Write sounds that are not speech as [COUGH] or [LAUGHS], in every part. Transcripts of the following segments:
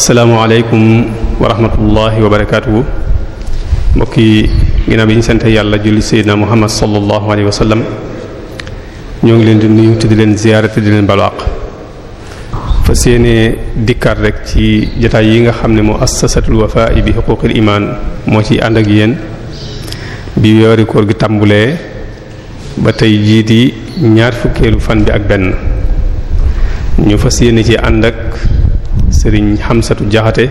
asalaamaaleykum wa rahmatullahi wa barakaatu mbokki ginnaaw bi ñu sant yàlla julli seydina muhammad sallallahu alayhi wa sallam ñoo ngi leen di nuyu te di leen ziyaare te di leen balwaaq fas yéene dikkaat rek ci jotaay yi nga xam ne mu assasatul wafa'i bi xuquqil iman moo ci ànd ak yéen bi weeri koor gi tàmbulee ba tey jii di ñaar fukkeelu fan bi ak benn ñu fas yéene ci ànd ak sëriñ xamsatu jaxate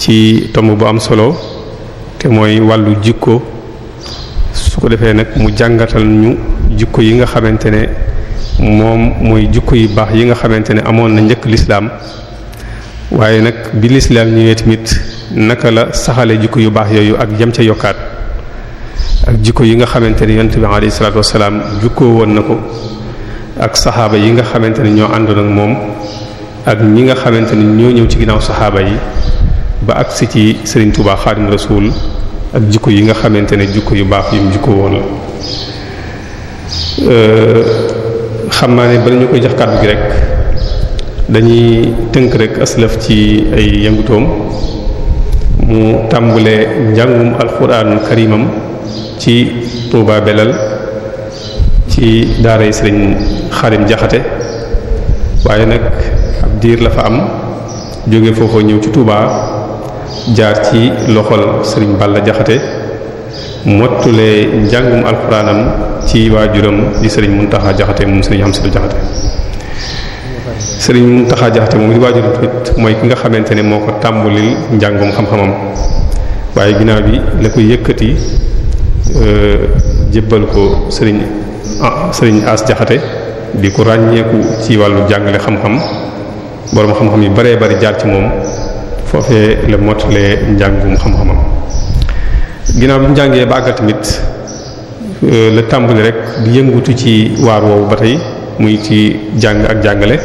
ci tomb bu am solo te mooy wàllu jikko su ko defee nag mu jàngatal ñu jikko yi nga xamante ne moom mooy jikko yu baax yi nga xamante ne amoon na njëkk lislaam waaye nag bi lislaam ñëwee tamit naka la saxale jukko yu baax yooyu ak jam ca yokkaat ak jikko yi nga xamante ne yonent bi alayhi salaatu jukkoo woon na ko ak saxaaba yi nga xamante ne ñoo àndoon ak moom ak ñi nga xamante ne ñoo ñëw ci ginnaaw saxaaba yi ba agsi ci sëriñ Touba Xaadimu Rasuul ak jikko yi nga xamante ne jukko yu baax yum jukkoo woon la euh, xam naa ne bala ñu koy jox kàddu gi rek dañuy tënk rek aslaf ci ay yëngutoom mu tàmbulee njàngum alxuraanul karimam ci Touba Belal ci daaray Sëriñ Xarim Jaxate waaye nag ab diir la fa am jóge foofu ñëw ci Touba jaar ci loxol Sëriñ Balla Jaxate mottulee njàngum alxuraanam ci waajuram di sëriñ Muntaxa Jaxate moom sëriñ Amsatu Jaxate sëriñ Muntaxa Jaxate moom di waajuram tamit mooy ki nga xamante ne moo ko tàmbulil njàngum xam-xamam waaye ginnaaw bi la ko yëkkati euh, jébbal ko sëriñ ah, sëriñ As Jaxate bi ko ràññeeku ci wàllu jàngale xam-xam boroom xam-xam yu bare bari jaar ci moom foofee la mottalee njàngum xam-xamam ginnaaw bi jàngee ba àggal tamit euh, la tàmbali rek di yëngutu ci waar woowu ba tey muy ci jàng ak jàngale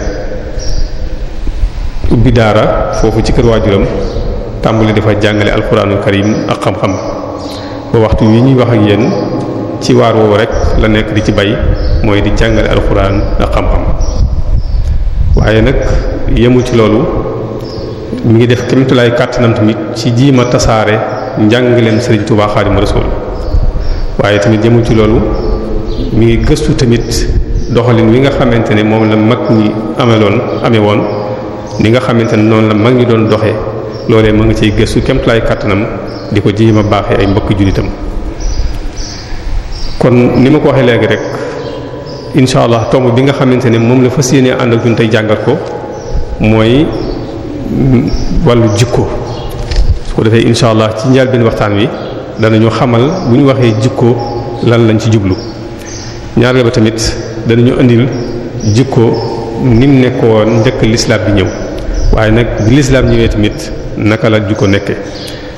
ubbi daara foofu ci kër waajuram tàmbali dafa jàngale alxuraanul karim ak xam-xam ba waxtu wi ñuy wax ak yéen ci waar woowu rek la nekk di ci bay mooy di jàngale alxuraan ak xam-xam waaye nag yemu ci loolu mu ngi def kémtulaay kàttanam tamit ci jiima tasaare njàngaleem Serigne Touba Xaadimu Rasuul waaye tamit jëmu ci loolu mu ngi gëstu tamit doxalin wi nga xamante ne moom la mag ñi ameloon amee woon li nga xamante ne noonu la mag ñi doon doxee loolee mu ngi ciy gëstu kemtalaay kàttanam di ko jéem a baaxee ay mbokki jullitam kon ni ma ko waxee léegi rek incha allah tomb bi nga xamante ne moom la fas yéenee ànd ak ñun tey jàngal ko mooy wàllu jikko ko defee incha allah ci njëlbéen waxtaan wi danañu xamal bu ñu waxee jikko lan lañ ci jublu ñaareel ba tamit dana ñu indil jikko nim nekkoon njëkk lislaam bi ñëw waaye nag bi lislaam ñëwee tamit naka la jikko nekke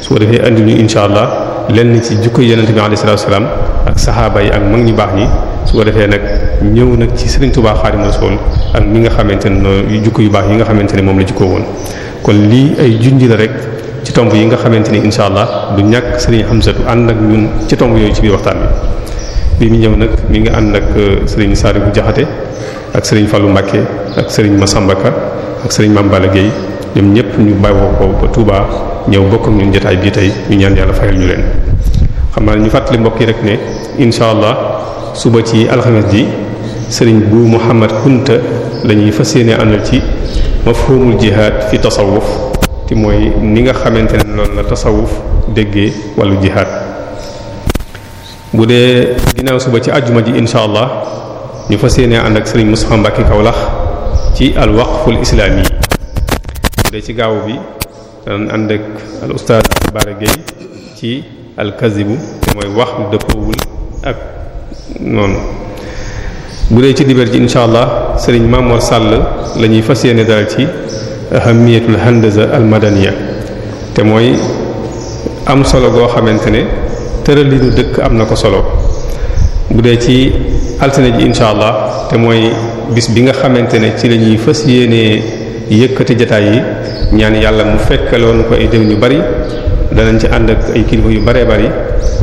su ko defee indil ñu incha allah lenn ci jikko yonent bi alayhi salaatu wa salaam ak saxaaba yi ak mag ñu baax ñi su ko defee nag ñëw nag ci Serigne Touba Xaadimu Rasuul ak ñi nga xamante ne jikko yu baax yi nga xamante ne moom la jikkoo woon kon lii ay junj la rek. ci tomb yi nga xamante ni incha allah du ñàkk sëriñ Hamsatu ànd ak ñun ci tomb yooyu ci biir waxtaan bi bi mu ñëw nag mi nga ànd ak euh, sëriñ Saari bu Jaxate ak sëriñ Fallou Mbacké ak sëriñ Massamba Ka ak sëriñ Mame Balla ñoom ñëpp ñu bàyyoo ko ba Touba ñëw bokk ak ñun jotaay bii tey ñu ñaan yàlla fayal ñu leen. xam naa ñu fàttali mbokk yi rek ne incha allah suba ci alxames ji sëriñ bu Mouhamad Kunta lañuy ñuy fas yéene àndal ci mafhumul jihad fi tasawuf te mooy ni nga xamante ne noonu la tasawuf déggee wàllu jihaad bu dee ginnaaw suba ci àjjuma ji incha allah ñu fas yéene ànd ak sëriñ Moussa Mbacke Kaolack ci al waqful islaami yi bu dee ci gaaw bi danañ ànd ak al ustaaz Bara Gueye ci al kazibu te mooy wax lu dëppoowul ak noonu bu dee ci dibeer ji incha allah sëriñ Mamor sàll lañuy ñuy fas yéene dara ci. ahamiyatul handaza al madaniya te mooy am solo goo xamante ne tëralinu dëkk am na ko solo bu dee ci altine ji incha allah te mooy bis bi nga xamante ne ci lañuy ñuy fës yéenee yëkkati jataay yi ñaan yàlla mu fekkaloon ko ay déw yu bari danañ ci ànd ak ay kilifa yu baree bari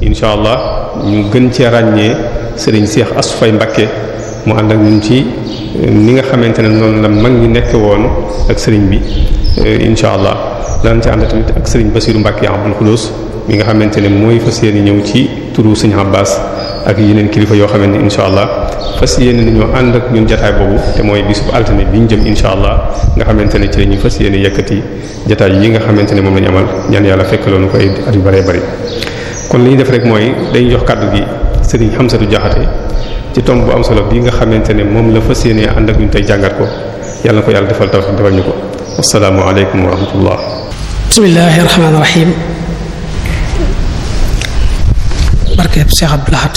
incha allah ñu gën cee ràññee sëriñ Seex Asufay Mbakke mu ànd ak ñun ci euh, ni nga xamante ne noonu la mag ñi nekk woon ak sëriñ bi euh, incha allah danañ ci ànd tamit ak sëriñ Basiiru Mbàkke Abdul Xudoos mi nga xamante ne mooy fas yéene ñëw ci turu sëñ Abbas ak yeneen kilifa yoo xamante ne incha allah fas yéene nañoo ànd ak ñun jataay boobu te mooy bisub altine bi ñu jëm incha allah nga xamante ne ci la ñuy fas yéene yëkkati jataay yi nga xamante ne moom la ñu amal ñaan yàlla fekk loonu ko ay at yu bëree bëri kon li def rek mooy dañuy jox kàddu gi sëriñ Hamsatu Jaxate ci tomb bu am solo bii nga xamante ne moom la fas yéenee ànd ak ñun tey jàngat ko yàlla na ko yàlla defal tawfiq defal ñu ko assalaamu aleykum wa rahmatullah bismillahi rahmaani rahim barkeeb Cheikh Abdou Lahad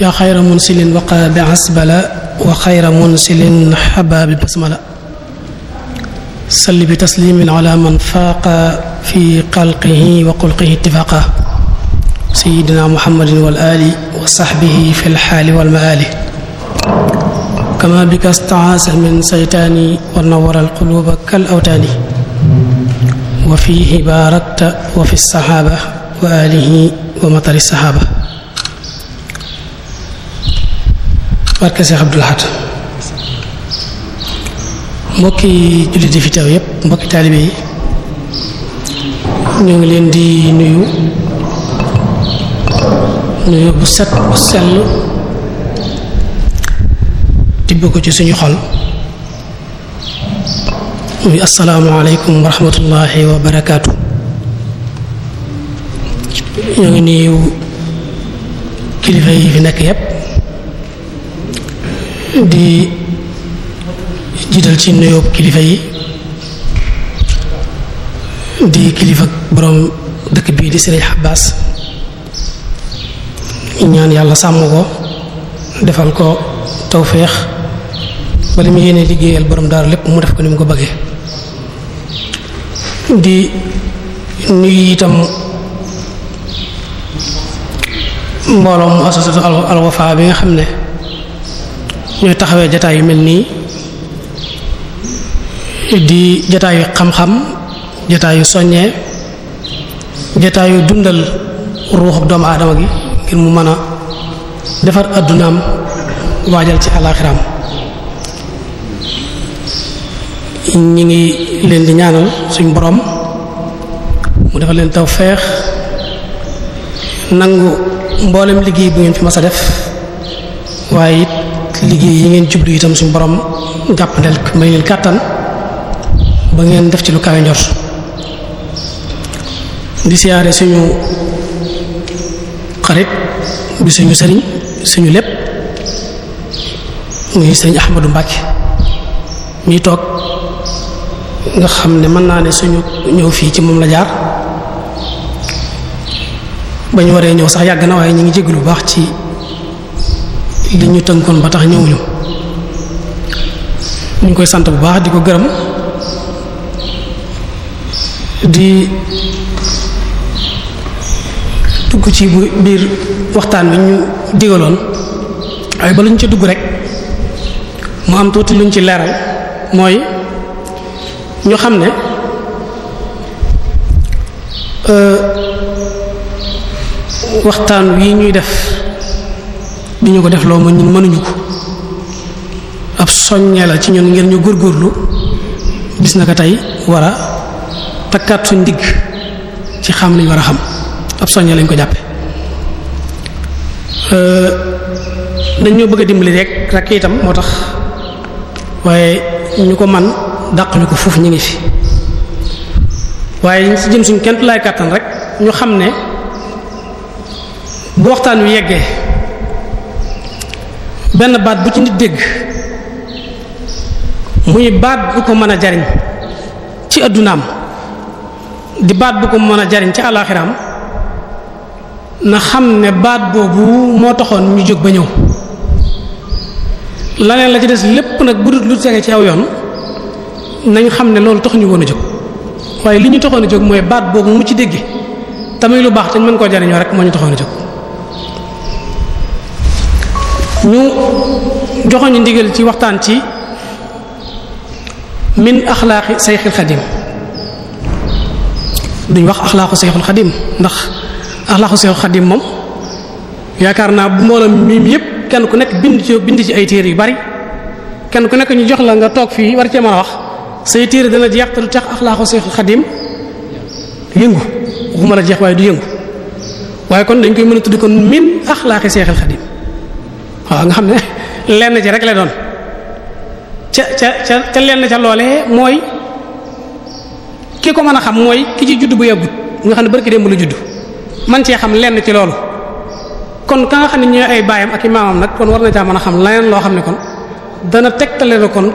yaa xayra munsilin bi asbala wa xayra munsilin xaba bi basmala salli bi taslimin ala man faaqa fi xalqihi wa xulqihi ittifaqa sayidina muhammadin wal ali wa saxbihi fi lxaali wal maali kama bika staasa min saytaani wa nawara alquluuba kal awtaani wa fiihi baarakta wa fi saxaaba wa alihi wa matari saxaaba barke Seex Abdul Ahad mbokki jullit yi fi teew yépp mbokki taalibe yi ñoo ngi leen di nuyu nuyoo bu set bu sell tibb ko ci suñu xol muy asalaamualeykum wa rahmatullahi wa barakaatu ñoo ngi nuyu kilifa yi fi nekk yépp di jiital ci nuyoo kilifa yi di kilifa borom dëkk bii di Sëriñ Abbas ñaan yàlla sàmm ko defal ko tawféex ba li mu yéene liggéeyal borom daaru lépp mu def ko ni mu ko bëggee di nuyu itam mbooloo mu association Al bi nga xam ne ñooy taxawee jataay yu mel nii di jataayu xam-xam jataayu soññee jataayu dundal ruuxu doomu aadama gi ngir mu mën a defar addunaam waajal ci alaxiraam ñi ngi leen di ñaanal suñ boroom mu defal leen tawfeex nangu mboolem liggéey bu ngeen fi mas a def waaye it liggéey yi ngeen jublu itam suñ borom jàppandel may leen kàttan ba ngeen def ci lu kawe di siyaare suñu xarit bi suñu sëriñ suñu lépp muy sëriñ Ahmadou Mbacke mi toog nga xam ne mën naa ne suñu ñëw fii ci moom la jaar ba ñu waree ñëw sax yàgg na waaye ñu ngi jéglu lu baax ci li ñu tënkoon ba tax ñëwuñu ñu ngi koy sant bu baax di ko gërëm di dugg ci biir waxtaan bi ñu digaloon ay ba lu ñu ci dugg rek mu am tuuti luñ ci leeral mooy ñu xam ne euh, waxtaan wi ñuy def di ñu ko def loo ma ñun mënuñu ko ab soññee la ci ñun ngir ñu góorgóorlu gis na ko tey war a takkaat suñ digg ci xam liñ war a xam ab soññe lañ ko jàppe euh, dañ ñoo bëgg a dimbali rek rek itam moo tax waaye ñu ko man dàq ko foofu ñu ngi fi waaye ñu si jëm suñ kenn laay kàttan rek ñu xam ne bu waxtaan wi yeggee benn baat bu ci nit dégg muy baat bu ko mën a jariñ ci addunaam di baat bu ko mën a jariñ ci alaaxiraam na xam ne baat boobu moo taxoon ñu jóg ba ñëw laneen la ci des lépp nag bu lu tege ci aw yoon nañ xam ne loolu tax ñu woon a jóg waaye li ñu taxoon jóg mooy baat boobu mu ci dégg tamit lu baax te mën koo jariñoo rek moo ñu taxoon a jóg ñu joxoñu ndigal ci waxtaan ci min axlaaqi sayxil xadim duñ wax axlaaqu sayxul xadim ndax axlaaqu Seex Xadim moom yaakaar naa mbooloom miim yépp kenn ku nekk bind ci bind ci ay téere yu bari kenn ku nekk ñu jox la nga toog fii war cee mën a wax say téere dana jeex te du tax axlaaqu Seex Xadim yëngu waxuma a jeex waaye du yëngu waaye kon dañ koy mën a tudd kon min axlaaqi Seex Xadim waaw nga xam ne lenn ci rek la doon ca ca ca ca lenn ca loole mooy ki ko mën a xam mooy ki ci judd bu yàggut nga xam ne barki démb lu judd man cee xam lenn ci loolu kon ka nga xam ne ñooy ay baayam ak i maamam nag kon war na caa mën a xam leneen loo xam ne kon dana tegtale na kon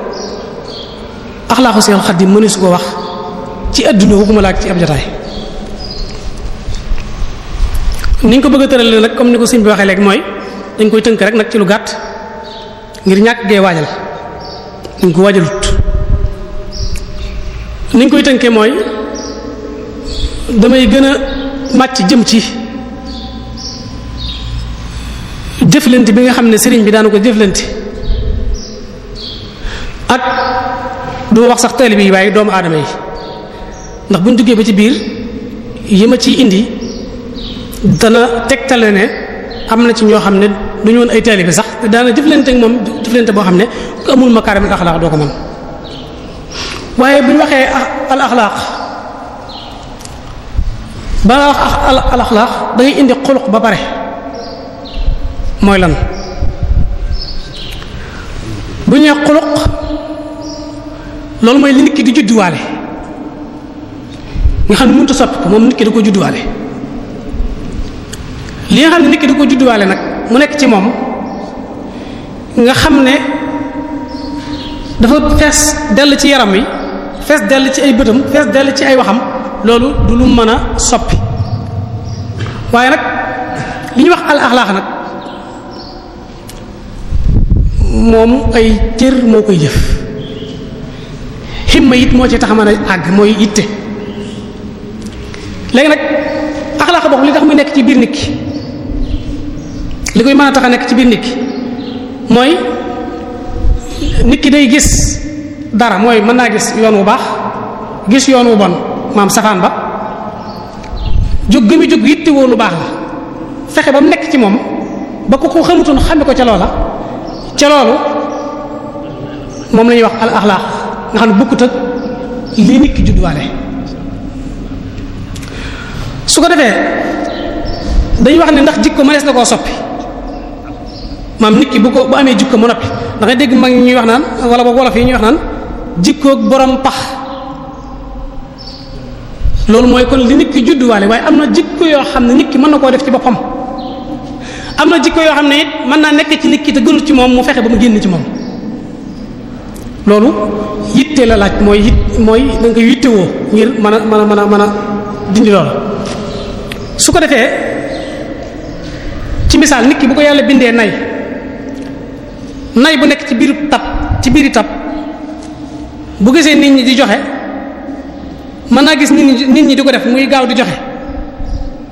axlaaxu seen xaddi mëne su ko wax ci adduna wu ma laaj ci ab jotaay niñ ko bëgg a tëralee comme ni ko sëñ bi waxee léegi mooy dañ koy tënk rek nag ci lu gàtt ngir ñàkk gee waajal dañ ko waajalut niñ koy tënkee mooy damay gën màcc jëm ci jëflante bi nga xam ne sëriñ bi daanu ko jëflante ak du wax sax taalibe yi waaye doomu aadama yi ndax buñ duggee ba ci biir yi ma ciy indi dana tegtale ne am na ci ñoo xam ne duñu woon ay taalibe sax te daana jëflante ak moom jëflante boo xam ne ku amul makaarimul axlaaq doo ko mën waaye buñ waxee al axlaaq balaa wax al axlaax da ngay indi xuluq ba pare mooy lan bu ñee xuluq loolu mooy li nit di judduwaale nga xam ne mënut a ko moom nit ki ko judduwaale li nga xam ne nit ki ko judduwaale nag mu nekk ci moom nga xam ne dafa fees dell ci yaram wi fees dell ci ay bëtam fees dell ci ay waxam loolu du lu mën a soppi waaye nag li ñuy wax al axlaax nag moom ay cër moo koy jëf ximma it moo ci tax mën a àgg mooy itte léegi nag axlaax boobu li tax mu nekk ci biir nit ki li koy mën a tax a nekk ci biir nit ki mooy nit ki day gis dara mooy mën naa gis yoon wu baax gis yoon wu bon maam safaan ba jóg gëmi jóg yittewoo lu baax la fexe ba mu nekk ci moom ba ko ko xamutoon xame ko ca la ca moom la wax al axlaax nga xam ne bukkut ak lii nit judduwaale su ko defee dañuy wax ne ndax jikko mënees na koo soppi maam nit bu ko bu amee jikko mu noppi da ngay dégg mag ñuy wax naan wala boog wolof yi ñuy wax naan jikkook borom pax loolu mooy kon li nit ki judduwaale waaye am na jikko yoo xam ne nit mën na koo def ci boppam am na jikko yoo xam ne it mën naa nekk ci nit ki te gënut ci moom mu fexe ba mu génn ci moom loolu yitte la laaj mooy it mooy da nga koy ngir mën a mën a mën a mën a dindi loolu su ko defee ci misaal nit ki bu ko yàlla bindee nay nay bu nekk ci biir tab ci biiri tab bu gisee nit ñi di joxe mën naa gis nit ñi nit ñi di ko def muy gaaw di joxe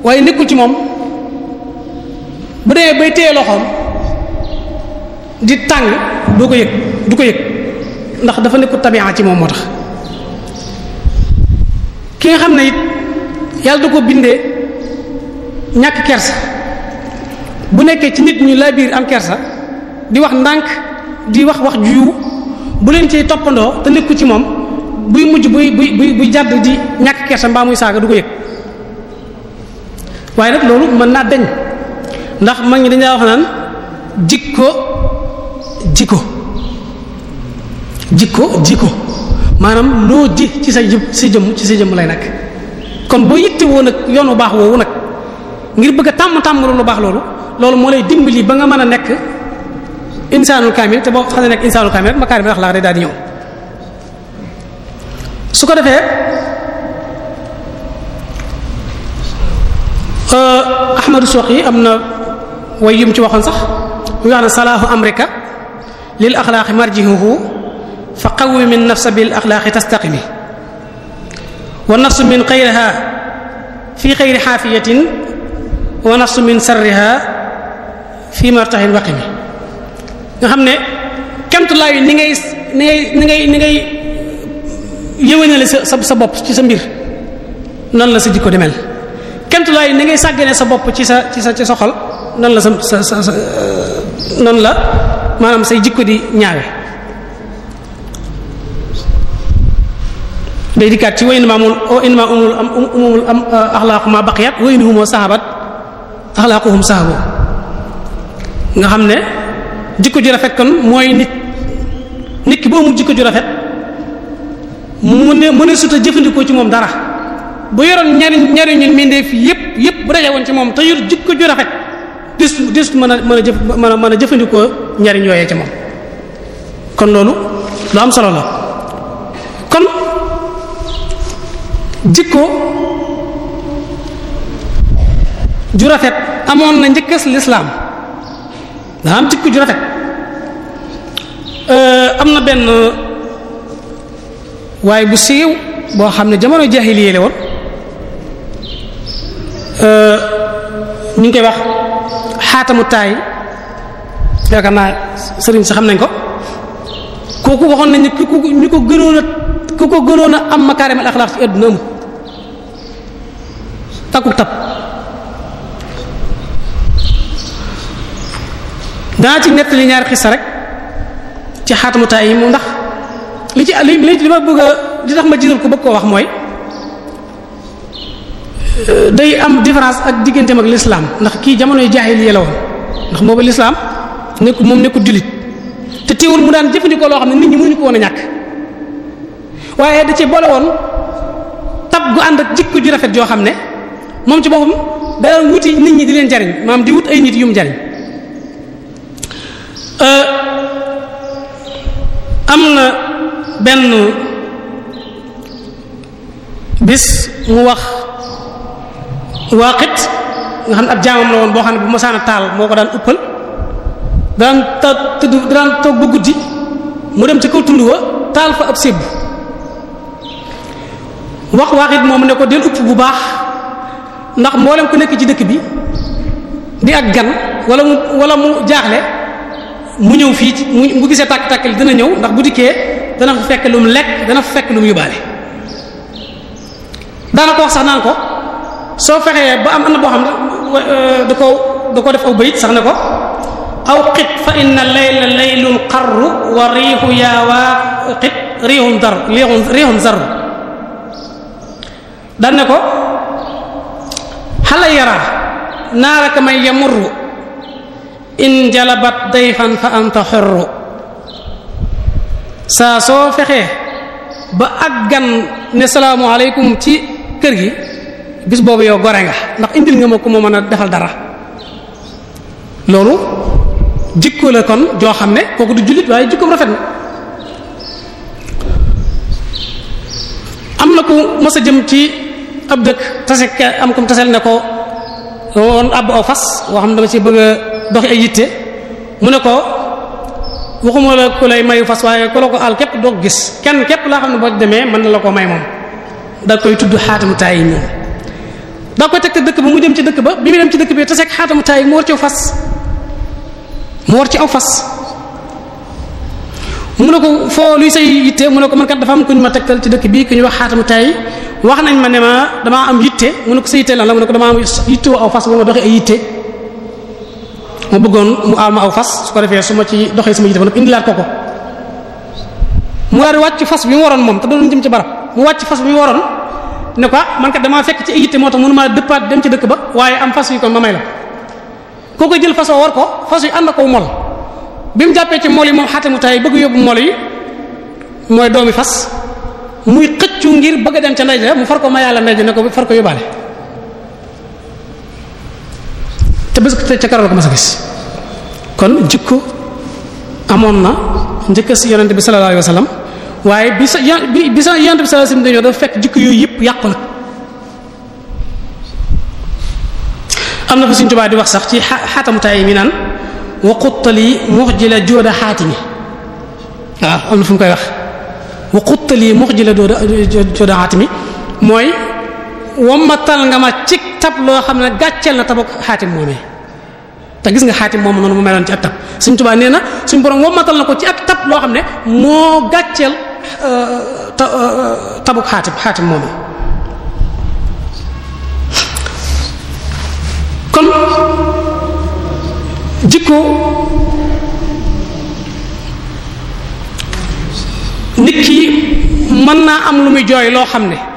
waaye nekkul ci moom bu dee bay téye loxoom di tàng doo ko yëg du ko yëg ndax dafa nekkul tabian ci moom moo tax ki nga xam na it yàlla da ko bindee ñàkk kersa bu nekkee ci nit ñu laa biir am kersa di wax ndànk di wax wax ju bu leen ci toppandoo te nekku ci moom buy mujj buy buy buy buy jàdd di ñàkk kersa mbaa muy saaga du ko yëg waaye nag loolu mën naa deñ ndax mag ñi dañ laa wax naan jikko jikko jikko jikko maanaam loo ji ci sa jëm sa jëm ci sa jëm lay nag kon boo yitte woo yoon yoonu baax woowu nag ngir bëgg a tàmm tàmm lu baax loolu loolu moo lay dimbali ba nga mën a nekk insaanul kaamil te boo xam ne nekk insaanul kaamil rek makaari ma wax laa day daal di ñëw su ko defee euh, ahmadu soqi am na way yum ci waxoon sax muy wax ne salaahu amrika lil axlaaqi marjihuhu fa qawwi min nafsa bil axlaaqi tastaqimi wa nafsu min xayriha fi xayri xaafiyatin wa nafsu min sarriha fi martahin waqimi nga ne kemtulaayu ni ngay ni ngay ni ngay yëwénale sa sa sa bopp ci sa mbir noonu la sa jikko demel kemtulaay ni ngay sàggane sa bopp ci sa ci sa ci sa xol noonu la sa sa sa sa euh, la maanaam say jikko di ñaawe day dikkaat ci wa inma mul wa inma umul am umul am euh, axlaaqu ma baqiyat wa inhumoo sahabat axlaaquhum sahabu nga xam ne jikko ju rafet kon mooy nit nit ki bu amul jikko ju rafet mu ne mu ne suta jëfandikoo ci moom dara bu yoroon ñari ñari ñun mindeef yépp yépp bu daje woon ci moom te yor jikko ju rafet des des mën a mën a jëf mën a mën a jëfandikoo ñariñ yooyee ci moom kon loolu lu am solo la kon jikko ju rafet amoon na njëkk lislaam daa am jikko ju rafet euh, am na benn waaye bu siiw boo xam ne jamono jaahiliya la woon euh, ñu ngi koy wax xaatamu taay yaakaar naa sëriñ xam nañ ko kooku waxoon nañ ne ku ko ñu ko gënoon a ku ko gënoon am makaarim al axlaaq ci àdduna amul takkuk ci nettali ñaari xissa rek ci xaatamu taay yi mu ndax li ci li ma bëgg a tax ma jiital ko bëgg koo wax mooy euh, day am différence ak digganteem ak l'islam ndax kii jamonoy jaahiliya la ndax boobu l'islam nekkul moom nekkul jullit te teewul mu daan jëfandikoo loo xam ne nit ñi mënuñu ko woon a ñàkk waaye da ci boole woon tab gu ànd ak jikko rafet yoo xam ne moom ci boppam da daan wuti nit ñi di leen jariñ maanaam di wut ay nit yu mu jariñ euh, am na benn bis mu wax waaqit nga xam ne ab jaamam la woon boo xam ne bu masaan a taal moo ko daan uppal daan ta tëdd daan toog ba guddi mu dem ci kaw tund wa taal fa ab sébbu wax waaqit moom ne ko del upp bu baax ndax mboolem ku nekk ci dëkk bi di ak gan wala mu wala mu jaaxle mu ñëw fii mu bu gisee tàkk-tàkk li dina ñëw ndax bu dikkee dana fa fekk lu mu lekk dana fa fekk lu mu yóbbaale ko wax sax naan ko soo fexee ba am am boo xam ne euh, da ko da ko def aw bayit sax ne ko aw qit fa inna layla laylun qarru wa riixu yaawaa qit riixun zar daan ne ko xala yaraa naaraka man yamurru in jalabat dayfan fa anta xurru saa soo fexee ba ak gan ne salaamualeykum ci kër gi bis boobu yow gore nga ndax indil nga ma ko ma mën a defal dara loolu jikko la kon joo xam ne kooku du jullit waaye jikkoom rafet na am na ku mës a jëm ci ab dëkk tase am kum tasel ne ko woon àbb aw fas woo xam ne dama ci bëgg a doxi ay yitte mu ne ko waxuma la ku lay mayu fas waaye ku la ko al képp doo gis kenn képp laa xam ne boo demee mën na la ko may moom da koy tudd xaatamu taay yi ñëw dëkk ba mu dem ci dëkk ba bi ci dëkk bi te seeg xaatamu taay mu war ci aw fas mu war ci aw fas mu ne ko foo luy say yitte mu ne ko man kat dafa am ku ñu ma tegtal ci dëkk bii ku ñu wax xaatamu taay wax nañ ma ne ma damaa am yitte mu ne ko sa yitte la mu ne ko damaa am yitte aw fas bu ma doxee ay yitte mu bëggoon mu am aw fas su ko defee su ma ci doxee sama jiite ba noppi indilaat ko ko mu daal di wàcc fas bi mu waroon moom te doon jëm ci barab mu wàcc fas bi mu waroon ne ko ah, man kat damaa fekk ci yitte moo tax mënu maa dëppaat dem ci dëkk ba waaye am fas yi kon ma may la koo ko jël fas war ko fas yi ànd ak mol bi mu jàppee ci mol yi moom xaate mu tay bëgg yóbbu mol yi mooy doomi fas muy xëccu ngir bëgg a dem ca ndey ja mu far ko ma yàlla ne ko far ko yóbbaale te bis ca keroog la ko mas a gis kon jikko amoon na njëkk si yonent bi sallallahu alayhi wasallam waaye bi sa bi sa yonent bi sallallahu alayhi wasallam dañoo dafa fekk jikko yooyu yëpp yàqu na am na fa suñ tubaab di wax sax ci xaatamu mi naan wa quttali muxjila jooda xaatimi waaw am na fu mu koy wax wa quttali muxjila jooda jooda xaatimi mooy wombatal nga ma cig tab loo xam ne gàcceel na tabuk xaatim moomee te gis nga xaatim moom noonu mu meloon ci ak tab suñ tubaa nee na suñ borom wombatal na ko ci ak tab loo xam ne moo gàcceel euh, euh, tabuk xaatim xaatim kon jikko nit ki mën naa am lu muy jooy loo xam ne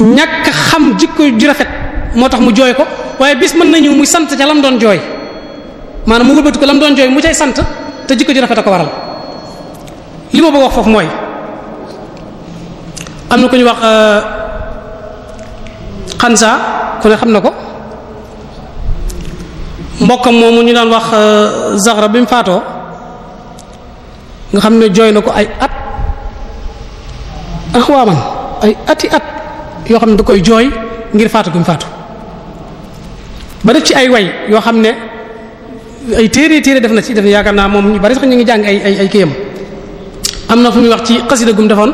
ñàkk xam jikko ju rafet moo tax mu jooy ko waaye bis mën nañu muy sant ca lam doon jooy maanaam mu wëlbati ko lam doon jooy mu cay sant te jikko ju rafet a ko waral li ma bëgg wax foofu mooy am na ku ñu wax euh, xansa ku ne xam na ko mbokkam moomu ñu daan wax euh, Zahra bi mu faatoo nga xam ne jooy na ko ay at ah ay ati at yoo xam ne da koy jooy ngir faatu gu faatu ba def ci ay way yoo xam ne ay téere téere def na ci def yaakaar naa moom ñu bari sax ñu ngi jàng ay ay am na fu muy wax ci xasida gum defoon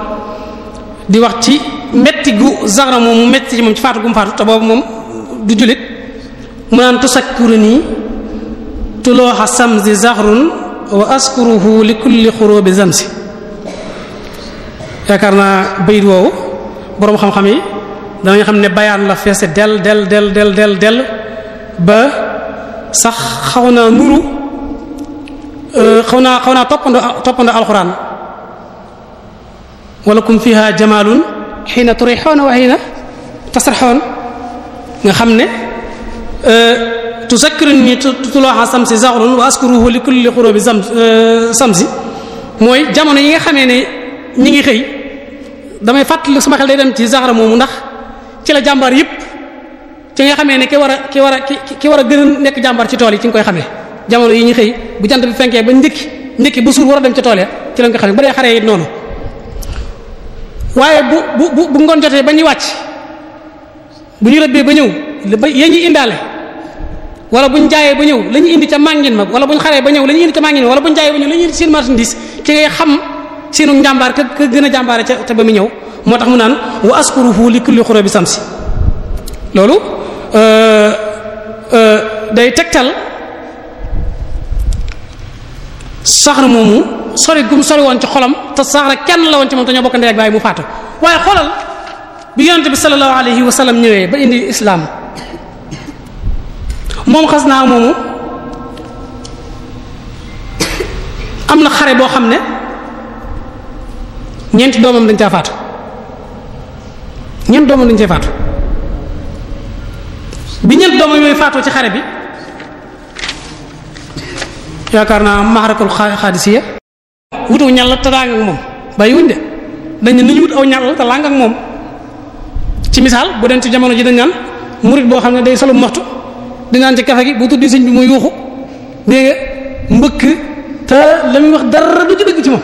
di wax ci metti gu Zahra moom metti ci moom ci faatu gu mu faatu te boobu moom du jullit mu naan tusakkuru nii tulooxa samsi zahrun wa askuruhu li kulli xurubi zamsi yaakaar naa bayit woowu boroom xam-xam yi danañ xam ne bayaan la feese del del del del del del ba sax xaw naa nuru euh, xaw naa xaw naa toppandoo toppandoo alxuraan walakum fiha jamaalun xiina turixoon wa xiina tasraxoon nga xam ne euh, tuzakkiruni tulooxa samsi zaxrun wa askuruhu li kulli xuróobi sam euh, samsi mooy jamono yi nga xamee ne ñi ngi xëy damay fàttali sama xel day dem ci zaxra moomu ndax ci la jàmbaar yëpp ci nga xamee ne ki war a ki war a ki war a gën a nekk jàmbaar ci tool yi ci nga koy xamee jamono yi ñu xëy bu jant bi fenkee ba ndékki ndékki bu suur war a dem ca tool ya ci lañ ko xamee ba dee xaree it noonu waaye bu bu bu ngoon jotee ba ñuy wàcc bu ñu rëbbee ba ñëw ba yéen ñuy indaale wala bu ñu jaayee ba ñëw la ñu indi ca màngin ma wala bu ñu xaree ba ñëw la ñu indi ca màngin wala bu ñu ba ñëw la ñu indi seen marchandise ci ngay xam seenu njàmbaar ka a jàmbaare ca te ba mu ñëw moo tax mu naan wa askuruhu li kulli xurubi samsi loolu euh, euh, day tegtal saxar moomu sori gum sori woon ci xolam te saxara kenn la woon ci moom te ñoo bokk ndey ak baay mu faatu waaye xoolal bi yonent bi sallallahu alayhi wa sallam ñëwee ba indi islaam moom xas naa moomu am na xare boo xam ne ñeenti doomam dañ caa faatu ñeent doomam dañ see faatu bi ñeent doomam yooyu faatoo ci xare bi yaakaar naa maxarakul xaadisiya wutu ñal la te laang ak moom bàyyi wuñ de dañ ne nañu wut aw ñal la te laang ak moom ci misaal bu den ci jamono ji dañ naan murit boo xam ne day solu moxtu di naan ci kafe gi bu tuddi sëñ bi muy yuuxu dégg mbëkk te la muy wax dara du ci dëgg ci moom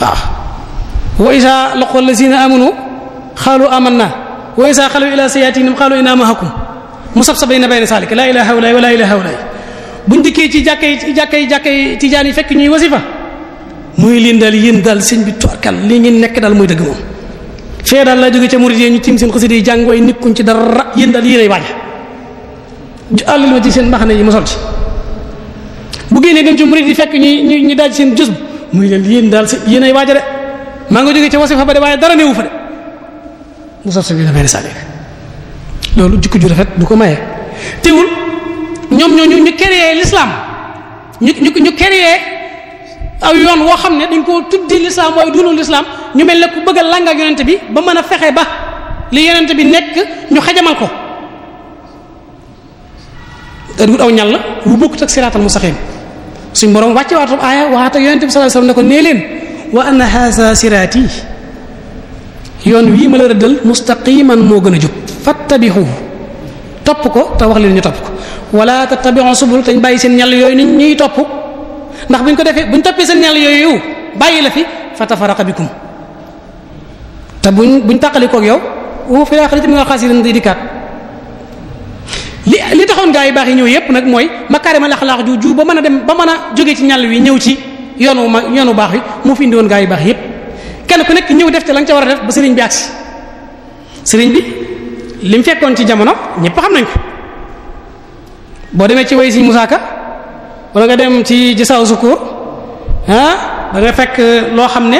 waaw wa isa laqu allazina amanu xaalu amanna wa isa xalu ila sayatinihim xaalu inna mahakum musabsabina bayna salika laa ilaha hawlaay wa laa ilaha hawlaay buñ dikkee ci jàkka yi jàkka yi jàkka yi tijaan yi fekk ñuy wasifa muy leen daal yéen daal sëñ bi torkal lii ngeen nekk daal muy dëgg moom fee daal laa jóge ca murid yi ñu tiim seen xasida yi jàng way nekkuñ ci dara yéen daal yéenay waaja ju àllal ma ci seen mbaxane yi ma sol ci bu génnee dem ci murid yi fekk ñuy maa nga jógee ca wasifa ba de waaye dara newu fa de mu soxla li la benn sànni loolu jikko ju rafet du ko maye teewul ñoom ñoo ñu créé l'islam ñu ñu ñu créé aw yoon woo xam ne dañ koo tuddi l'islam waaye duulul l'islam ñu mel ne ku bëgg a làngal yonent bi ba mën a fexe ba li yonent bi nekk ñu xajamal ko. da wut aw ñal la wu bokkut ak siraatal mustaqim suñ borom wàcce waatam aaya waxaat ak yonent bi sallallahu alayhi wasallam ne ko nee leen. wa anna haza siraati yoon wii ma la rëddal mustaqiman moo gën a jub fattabihu topp ko te wax leen ñu topp ko wala tattabi'u subul tañ bàyyi seen ñal yooyu ni ñuy topp ndax buñ ko defee buñ toppee seen ñal yooyu bàyyi la fi fa tafaraqa bikum te buñ buñ tàqali koog yow wa fil aaxirati minal xaasiriin di dikkaat li li taxoon gaa yi baax yi ñëw yépp nag mooy makaarimal axlaaq ju ju ba mën a dem ba mën a jógee ci ñal wi ñëw ci yoonu ma yoonu baax wi moo fi indi woon gaa yu baax yépp kenn ku nekk ñëw def ci la nga ca war a def ba sëriñ bi agsi sëriñ bi li mu fekkoon ci jamono ñépp xam nañ ko boo demee ci way si musaaka wala nga dem ci ci saw sukkur ah fekk eh, loo xam ne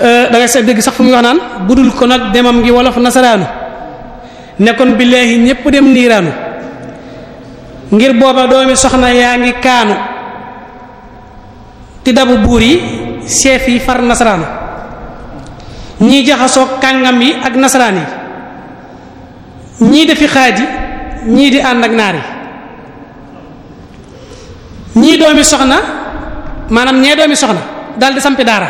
eh, da nga seet dégg sax fu muy wax naan dul ko nag demam gi wolof nasaraanu nekkoon bi léegi ñépp dem niiraanu ngir booba doomi soxna yaa ngi kaanu di dabu buur yi chef yi far nasaraanu ñii jaxasoo kàngam yi ak nasaraan yi ñii defi xaaj yi ñii di ànd ak naar yi ñii doomi soxna maanaam ñee doomi soxna daal di sampi daara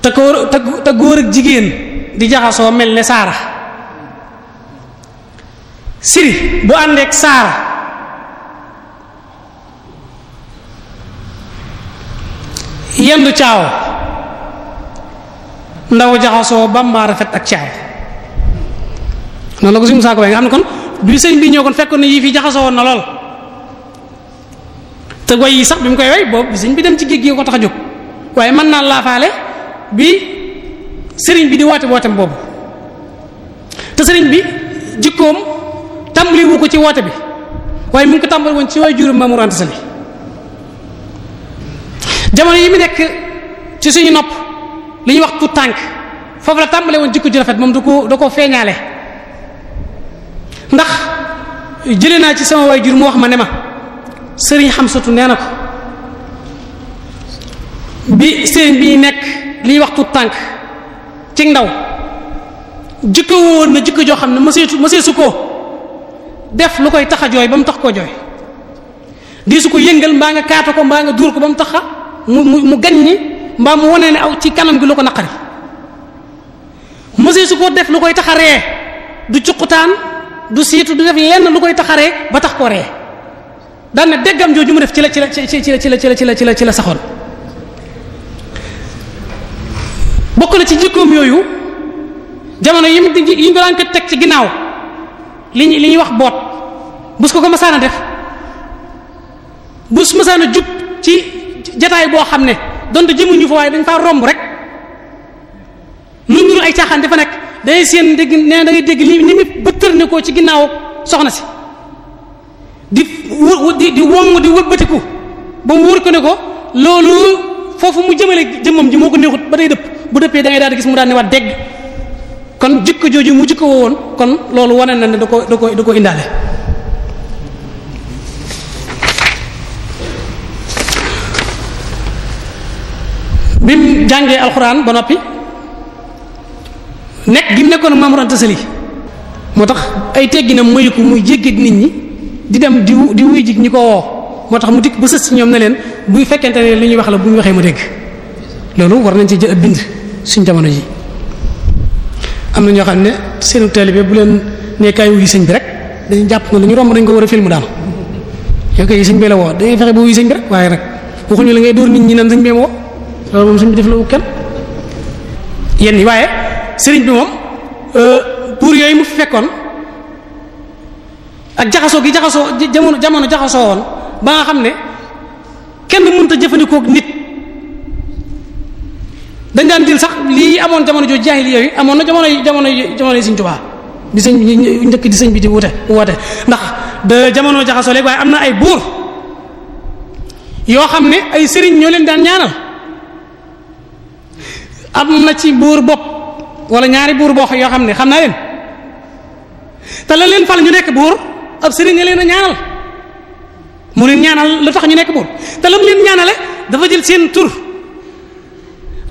te ko te góor ak jigéen di jaxasoo mel ne saara siri bu àndeek saara yendu caawa ndaw jaxasoo ba mbaa ak caawa noonu la ko si Musaa ko nga xam ne kon bi sëñ bi ñëw kon fekkoon ne yii fi jaxasoo woon na lool te way yi sax bi mu koy way boobu sëñ bi dem ci géej gi ko tax jóg waaye mën naa laafaale bi sëriñ bi di woote wootem boobu te sëriñ bi jikkoom tàmbali ko ci woote bi waaye mu ngi ko tàmbali woon ci way juróom Maam Mor jamono yi mu nekk ci suñu nopp li ñuy wax tout tànk foofu la tàmbale woon jikko ju rafet moom da ko da koo feeñaale ndax jële naa ci sama waajur mu wax ma ne ma sëriñ xam Xamsatu nee na ko bi sëriñ bi nekk liy wax tout tànk ci ndaw jikko woon na jikko joo xam ne mëseetu mëseesu ko def lu koy tax a jooy ba mu tax koo jooy di su ko yëngal mbaa nga kaata ko mbaa nga duur ko ba mu tax mu mu mu gañ ñi mbaa mu wane ne aw ci kanam gi lu ko naqari mosee su ko def lu koy taxaree du cuqutaan du siitu du def lenn lu koy taxaree ba tax ko ree daan na jooju mu def ci la ci la ci ci la ci la ci la ci la ci la saxoon bokk na ci jikkoom yooyu jamono yi mu yi mu daan ko teg ci ginnaaw li ñuy li ñuy wax boot bus ko ko masaana def bus masaana jub ci. jataay boo xam ne donte jëmuñu fa waaye dañ faa romb rek lu nuru ay caaxaan dafa nekk day seen dégg nee da ngay dégg li ni mi bëttër ne koo ci ginnaaw soxna si di di di womm di wëbbatiku ba mu wër ko ne ko loolu foofu mu jëmale jëmmam ji moo ko neexut ba day dëpp bu dëppee da ngay daal di gis mu daal ne degg kon jikko jooju mu jikko woo woon kon loolu wane na ne da ko da ko da ko indaale bi mu jàngee alxuraan ba noppi nekk gi mu nekkoon Maam Mor Anta moo tax ay tegginam mayu ko mu jéggi nit ñi di dem di di wuy jig ñi ko woo moo tax mu dikk ba sës ci ñoom ne leen buy fekkente ne li ñuy wax la bu ñu waxee ma dégg loolu war nañ ci jël ab bind suñ jamono ji am na ñoo xam ne seenu taalibe bu leen ne kaay wuyu sëñ bi rek dañu jàpp ne lu ñu romb dañ ko war a film daal yow kay sëñ bi la woo dañuy fexe ba wuyu sëñ bi rek waaye nag waxuñu ñi nan loolu moom suñ bi def la wu kenn yenn yi waaye sëriñ bi moom euh, buur yooyu mu fekkoon ak jaxasoo gi jaxasoo jamono jamono jaxasoo woon ba nga xam ne kenn mënta jëfandikoo jëfandikook nit dañ daan jël sax lii amoon jamono jooju jaahil yooyu amoon na jamono jamono jamono yi Sëriñ Tuubaa bi sëñ bi njëkk di sëñ bi di wute woote ndax da jamono jaxasoo léegi waaye am na ay buur yoo xam ne ay sëriñ ñoo leen daan ñaanal am na ci buur bopp wala ñaari buur boo yoo xam ne xam na leen te la leen fal ñu nekk buur ab sëriñ leen a ñaanal mu leen ñaanal la tax ñu nekk buur te la mu leen ñaanale dafa jël seen tur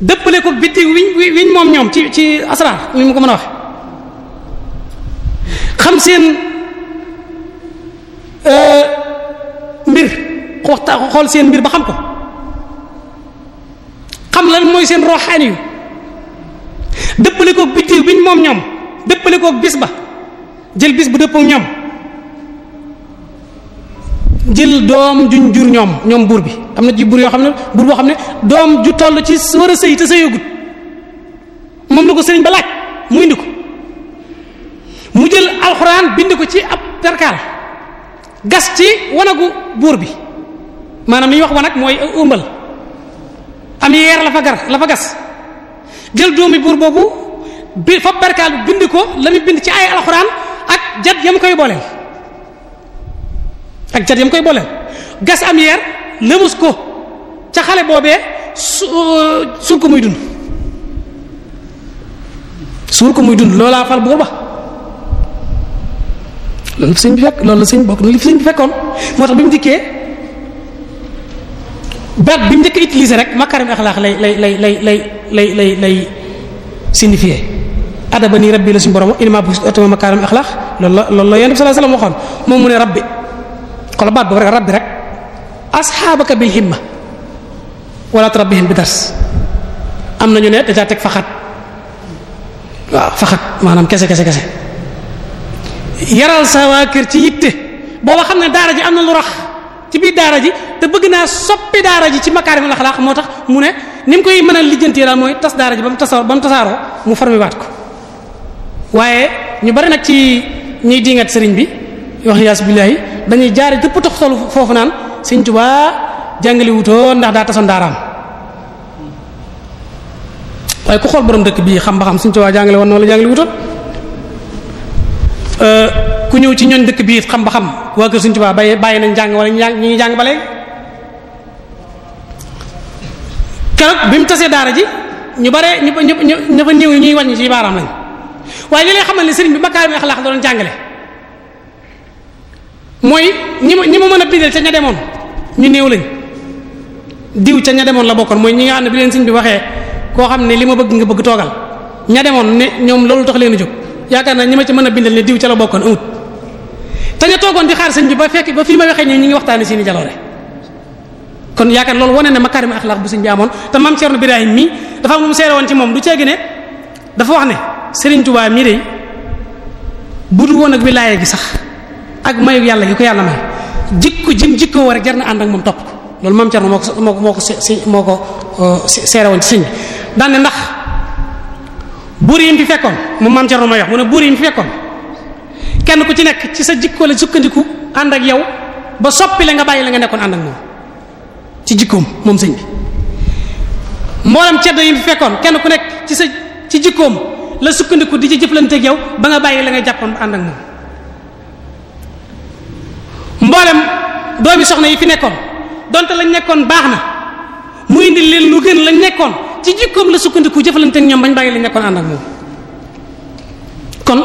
dëppale ko biddiw wiñ wiñ moom ñoom ci ci asrar mi mu ko mën a wax xam seen euh, mbir xool seen mbir ba xam ko xam lan mooy seen roxaani dëppale koog biddiw biñ moom ñoom dëppale koog bis ba jël bis bu dëppoog ñoom jël doom juñ jur ñoom ñoom buur bi am na ci buur yoo xam ne buur boo xam ne doom ju toll ci war a sëy te sëyagut moom la ko sëriñ ba laaj mu indi ko mu jël alxuraan bind ko ci ab perkaal gas ci wanagu buur bi maanaam li ñuy wax wanag mooy ëmbal am yeer la fa gar la fa gas jël doomi buur boobu bi fa barkaal bi bind ko la muy bind ci ay alxuraan ak jat yam koy booleel ak jat yam koy booleel gas am yeer lëmus ko ca xale boobee su euh, suur ko muy dund suur ko muy dund loolaa fal buur ba loolu sëñ bi fekk loolu la sëñ bokk li sëñ bi fekkoon moo tax bi mu dikkee baat bi mu njëkk utiliser rek makarim axlaax lay lay lay lay lay lay lay adaba nii rabbi la suñu borom inama bu otama makaaram axlaax loolu la loolu la yonent bi sallallahu alayhi wasallam waxoon moom mu ne rabbi xola baat boobu rek rabbi rek asxaabaka bi am nañu ne dajaa faxat faxat maanaam kese kese kese yaral sa waa kër ci yitte booba xam ne daara ji am na lu rax ci biir daara ji te bëgg naa soppi daara ji ci makaarimul axlaaq moo tax mu ne ni mu koy mën a lijjantee daal mooy tas daara ji ba mu tasa ba mu tasaaroo mu formé ko waaye ñu bari nag ci ñuy diingat sëriñ bi wax yaas billaahi dañuy jaari dëpp tox sol foofu naan Sëriñ Tuubaa jàngale ndax daa tasoon daaraam waaye ku xool borom dëkk bii xam ba xam Sëriñ Tuubaa jàngale woon la jàngale wutoon euh, ku ñëw ci ñoon dëkk bi it xam ba xam waa kër Sëriñ Tuubaa bàyyi bàyyi nañ jàng wala ñu ngi jàng ba léegi keroog bi mu tasee daara ji ñu bare ñu ñu ñu dafa néew ñuy wàññi ci baaraam lañ waaye li lay xamal ni sëriñ bi makaarimul axlaaq doon jàngale mooy ñi ma ñi ma mën a bindal ca ña demoon ñu néew lañ diw ca ña demoon la bokkoon mooy ñi nga xam ne bi leen sëriñ bi waxee koo xam ne li ma bëgg nga bëgg toogal ña demoon ne ñoom loolu tax leen a jóg yaakaar naa ñi ma ci mën a bindal ne diw ca la bokkoon te ña toogoon di xaar sëñ bi ba fekk ba fii ma waxee ñi ñu ngi waxtaane seeni jaloore kon yaakaar loolu wane ne makarim axlaq bu sëñ bi amoon te maam Cerno Birahim mi dafa am mu seere woon ci moom du ceegi ne dafa wax ne Serigne Touba mii de bu dul bi ak wilaaya sax ak mayu yàlla gi ko yàlla may jikko jim jikkoo war rek ànd ak moom topp ko loolu maam Cerno moo ko moo ko moo ko moo ko euh, seere woon ci sëñ bi daan ne ndax buur yi mu fi fekkoon moom maam Cerno may wax mu ne buur yi mu fi fekkoon kenn ku ci nekk ci sa jikkoo la sukkandiku ànd ak yow ba soppi la nga bàyyi la nga nekkoon ànd ak moom ci jikkoom moom sëñ mboolem ceddo yi fekkoon kenn ku nekk ci sa jikkoom la sukkandiku di ci jëflanteeg yow ba nga bàyyi la nga jàppoon ànd ak moom mboolem doomi soxna yi fi nekkoon donte lañ nekkoon baax na mu indi leen lu gën lañ nekkoon ci jikkoom la sukkandiku jëflanteeg ñoom bañ bàyyi la nekkoon ànd ak moom kon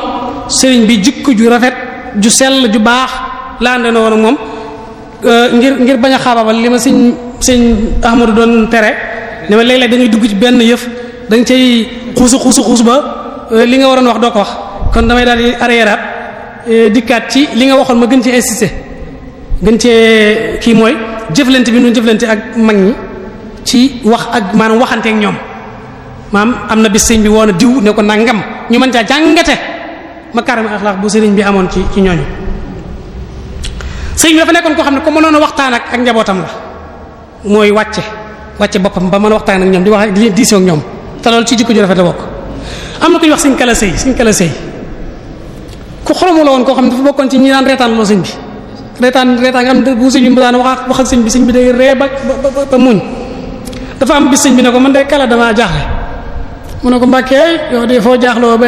sëriñ bi jikko ju rafet ju sell ju baax la ànd na woon ak moom euh, ngir ngir bañ a xaabaabal li ma sëñ sëñ Ahmadu doon tere ne ma léeg-léeg da dugg ci benn yëf da nga cay xuusu xuusu ba euh, li nga waroon wax doo ko wax kon damay daal di areeraat euh, dikkaat ci li nga waxoon ma gën ci insister gën cee kii mooy jëflante bi ñu jëflante ak mag ñi ci wax ak maanaam waxanteek ñoom maam am na bis sëñ bi woon a diw ne ko nangam ñu mën caa jàngate. makaarima axlaaq bu sëriñ bi amoon ci ci ñooñu sëriñ bi dafa nekkoon koo xam ne ko mënoon a waxtaan ak ak njabootam la mooy wàcce wàcce boppam ba mën a waxtaan ak ñoom di wax ak di diisoo ak ñoom te loolu ci jikko ju a la bokk am na ku ñu wax sëriñ kala sëy sëriñ kala sëy ku xoromu la woon koo xam ne dafa bokkoon ci ñi daan reetaan loo sëñ bi reetaan reetaan nga xam ne bu sëñ bi mu daan wax wax sëñ bi sëñ bi day ree ba ba muñ dafa am bis sëñ bi ne ko man de kala damaa jaaxle mu ne ko mbàkkee yow de foo jaaxloo ba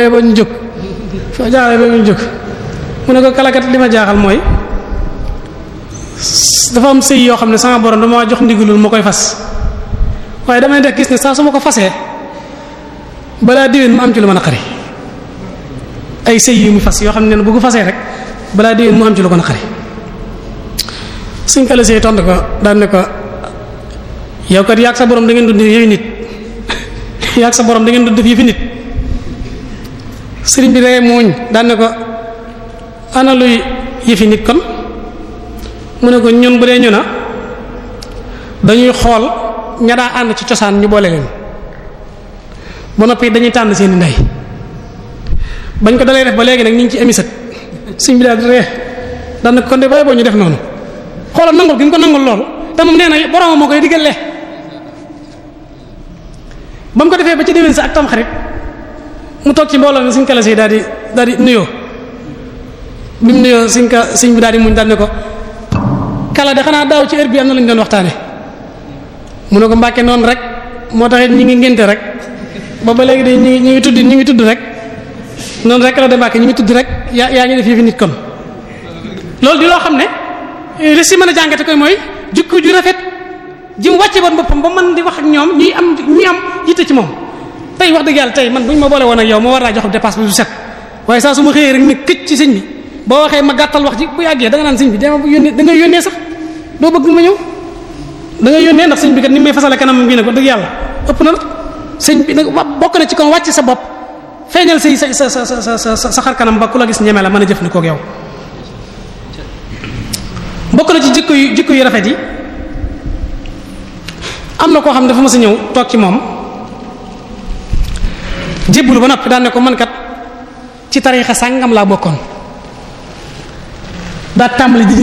soo jaaxlee ba muy jóg mu ne ko kalakat li ma jaaxal mooy dafa am sëy yoo xam ne sama borom dama jox ndigalul ma koy fas waaye damay def gis ne saa su ma ko fasee balaa déwén mu am ci lu ma naqari ay sëy yu mu fas yoo xam ne bu ko fasee rek balaa déwén mu am ci lu ko naqari suñ kala sëy ko daan ne ko yow kat yaag sa borom da ngeen dund yëfi nit [LAUGHS] yaag sa borom da ngeen dund yëfi nit sëriñ bi ree muuñ daan ne ko ana luy nit kon mu ne ko ñun bu dee ñu na dañuy xool ña daa ànd ci cosaan ñu boole leen ba noppi dañuy tànn seeni ndey bañ ko dalee def ba léegi nag ñu ci émisat suñ bi daal ree daan ne ko kon ba bàyyi boo ñu def noonu xoolal nangul gi ñu ko nangul loolu te moom nee na boromam moo koy diggalee ba mu ko defee ba ci déwén sa ak tam mu toog ci mbooloo mi suñ kala si daal di daal di nuyoo bi nuyoo suñ ka suñ bi daal di muñ daal ne ko kala de xanaa daaw ci heure bi am na lañ doon waxtaane mu ne ko mbàkke noonu rek moo taxit ñi ngi ngénte rek ba ba léegi de ñu ngi ñu ngi tudd ñu ngi tudd rek noonu rek la de mbàkke ñu ngi tudd rek yaa yaa ngi def yëfi nit kon loolu di loo xam ne eh, li si mën a jàngate koy mooy jukku ju rafet ji mu wàcce woon boppam ba man di wax ak ñoom ñuy am ñuy am yitte ci moom tey wax dëgg yàlla tey man bu ñu ma boole woon ak yow ma war laa jox dépasse bu set waaye saa su ma xëyee rek ne këcc ci sëñ bi boo waxee ma gàttal wax ji bu yàggee da nga naan sëñ bi dama yónnee da nga yónnee sax doo bëgg ma ñëw da nga yónnee ndax sëñ bi kat ni may fasale kanam bi nag wax dëgg yàlla ëpp na la sëñ bi nag bokk na ci kon wàcc sa bopp feeñal say sa sa sa sa sa sa xar kanam ba ku la gis ñeme la mën a jëfandikoo ak yow bokk na ci jikko yu jikko yu rafet yi am na koo xam dafa ma si ñëw toog ci moom jébbalu ba noppi daan ne ko man kat ci tariixa sàngam laa bokkoon daa tàmbali di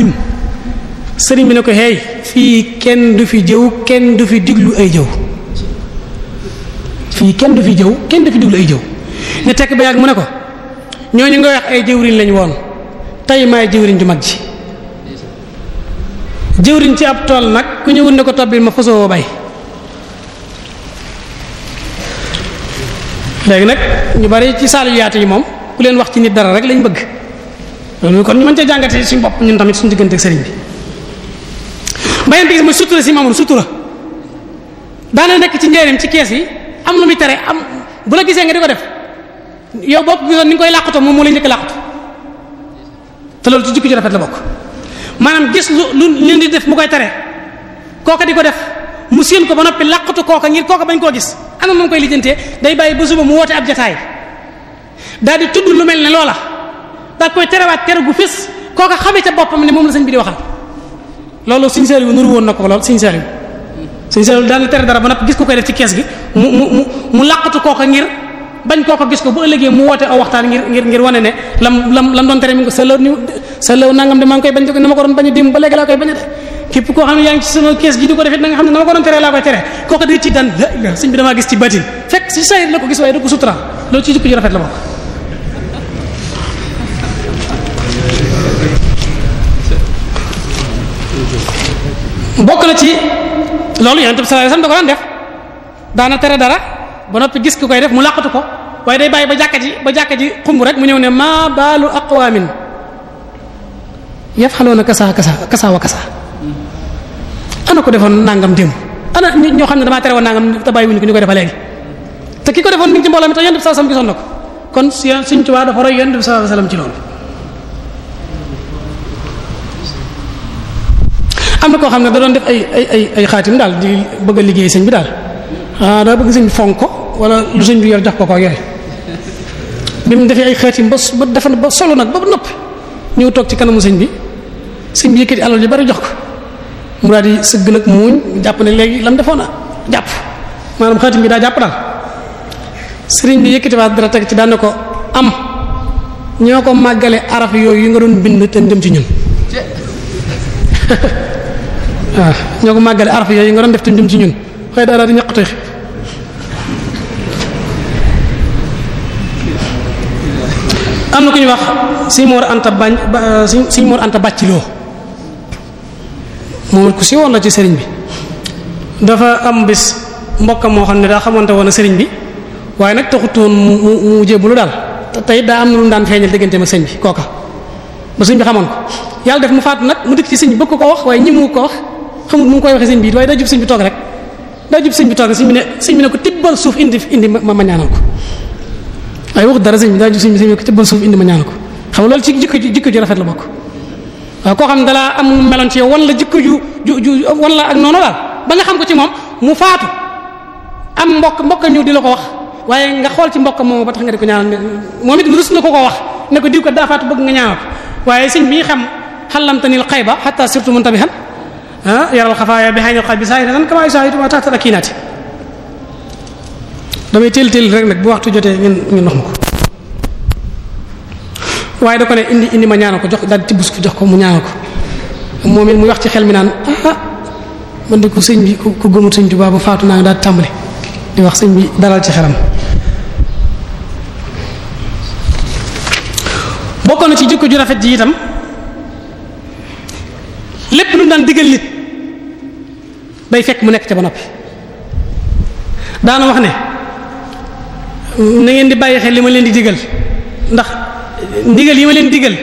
sëriñ bi ne ko hey fii kenn du fi jëw kenn du fi diglu ay jëw fii kenn du fi jëw kenn du fi diglu ay jëw ne tekk ba yàgg mu ne ko ñooñu nga wax ay jëwriñ lañu woon tey maay jëwriñ ju mag ji jëwriñ ci ab tool nag ku ñëwul ne ko tobbil ma fasoo bay léegi nag ñu bari ci saaluyaate yi moom ku leen wax ci nit dara rek lañ bëgg loolu kon ñu man cee jàngatee suñ bopp ñun tamit suñu diggante ak sëriñ bi beneen bi gis mooy sutura si maamoon sutura daana nekk ci njëriñam ci kees yi am lu muy tere am bu la gisee nga di ko def yow bopp bi ni koy làqatoo moom moo lay njëkk làqatu te loolu ci jikko ju rafet la bokk maanaam gis lu lu leen di def mu koy tere kooka di ko def mu séen ko ba noppi laqatu kooka ngir kooka bañ koo gis ana koy lijjantee day bàyyi ba suba mu woote ab jataay daal di tudd lu mel ne loola daal koy terewaat tere gu fés kooka xamee ca boppam ne moom la sëñ bi di waxal loolu suñ seel yu nuru woon na ko lool suñ seel yu daan tere dara ba noppi gis ko koy def ci kees gi mu mu mu mu laqatu ngir ko gis ko mu woote aw waxtaan ngir ngir ngir wane ne lam lam lam doon tere mi ngi ko sa law nangam de maa koy bañ a na ko doon bañ a dim ba léegi laa koy bañ a képp koo xam ne yaa ngi ci sama kees gi di ko defee na nga xam ne na ma ko doon tere laa koy tere kooku day ci daan la gis ci batin fekk si sayit la ko gis waaye da ko sutura loolu ci jikko ju rafet la bokk bokk na ci loolu yonent bi sallallahu da ko daan def daana tere dara ba noppi gis ku koy def mu làqatu ko waaye day bàyyi ba jàkka ji ba jàkka ji xumb rek mu ñëw ne ma baalu aqwamin yafxaloona kasa kasa kasa wa kasa ana ko defoon nangam démb ana ñoo xam ne dama tere woon nangam te bàyyiwuñu ko ñu koy defa léegi te ki ko defoon mi ngi ci mbooloo mi te yonent bi sallallahu alayhi wasallam gisoon ko kon Sëriñ Tuubaa dafa roy yonent bi sallallahu alayhi wasallam ci loolu am na koo xam ne da def ay ay ay ay xaatim daal bëgg liggéey sëñ bi daal ah daa bëgg sëñ fonk wala lu sëñ bi yor jox ko koo yore bi mu defee ay xaatim ba ba ba solo nag ba noppi ñëw toog ci kanamu sëñ bi sëñ bi yëkkati alal yu bari jox ko mu daal di sëgg nag muuñ jàpp ne léegi lam defoon na jàpp maanaam xaatim bi daa jàpp daal sëriñ bi yëkkatiwaat dara teg ci daan ne ko am ñoo ko màggale araf yooyu yi nga doon bind te dem ci ñun [LAUGHS] màggale araf yooyu nga def te dem ci ñun xëy daa daal di ñaqatu am na ku ñu wax si Mor Anta bañ si si Mor Anta bàcciloo moom it si siiwoon la ci sëriñ bi dafa am bis mbokkam moo xam ne daa xamante woon sëriñ bi waaye nag taxut woon mu mu jébbalu daal tey daa am na lu mu daan feeñal digganteem ak sëriñ bi kooka ba sëriñ bi xamoon ko yàlla def mu faatu nag mu dikk ci sëriñ bi bëgg ko wax waaye ñim mu ko wax xamut mu ngi koy waxee sëriñ bi waaye daa jub sëriñ bi toog rek daa jub sëriñ bi toog rek sëriñ bi ne sëriñ bi ne ko tibbal suuf indi indi ma ma ñaanal ko ay wax dara sëriñ bi daa jub sëriñ bi sëriñ bi ko tibbal rafet la bokk waaw euh, koo xam ne dalaa am meloon ci yow wan la jikko ju ju ju la ak noonu daal ba nga xam ko ci moom mu faatu am mbokk mbokk ñëw di la ko wax waaye nga xool ci mbokk moom ba tax nga di ko ñaanal moom it rus ko ko wax ne ko diw ko bëgg nga ñaanal ko waaye bi xam xalamtanil xayba xata surtout mun tabi xam ah yaral xafaaya bi xaynil xay bi saahira nan kama yusahidu wa tahta akinaati damay teel teel rek nag bu waxtu jotee ngeen ngeen ma ko waaye da ko ne indi indi ma ñaanal ko jox daal di tibbus ko jox ko mu ñaanal ko moom it muy wax ci xel mi naan ah man de ko sëñ bi ku ku gëmut sëñ Tuubaa ba faatu naa daal di tàmbali di wax sëñ bi dalal ci xelam. bokkoon na ci jikko ju rafet ji itam lépp lu daan digal nit day fekk mu nekk ca ba noppi daana wax ne na ngeen di bàyyi xel li ma leen di digal ndax. ndigal yi ma leen digal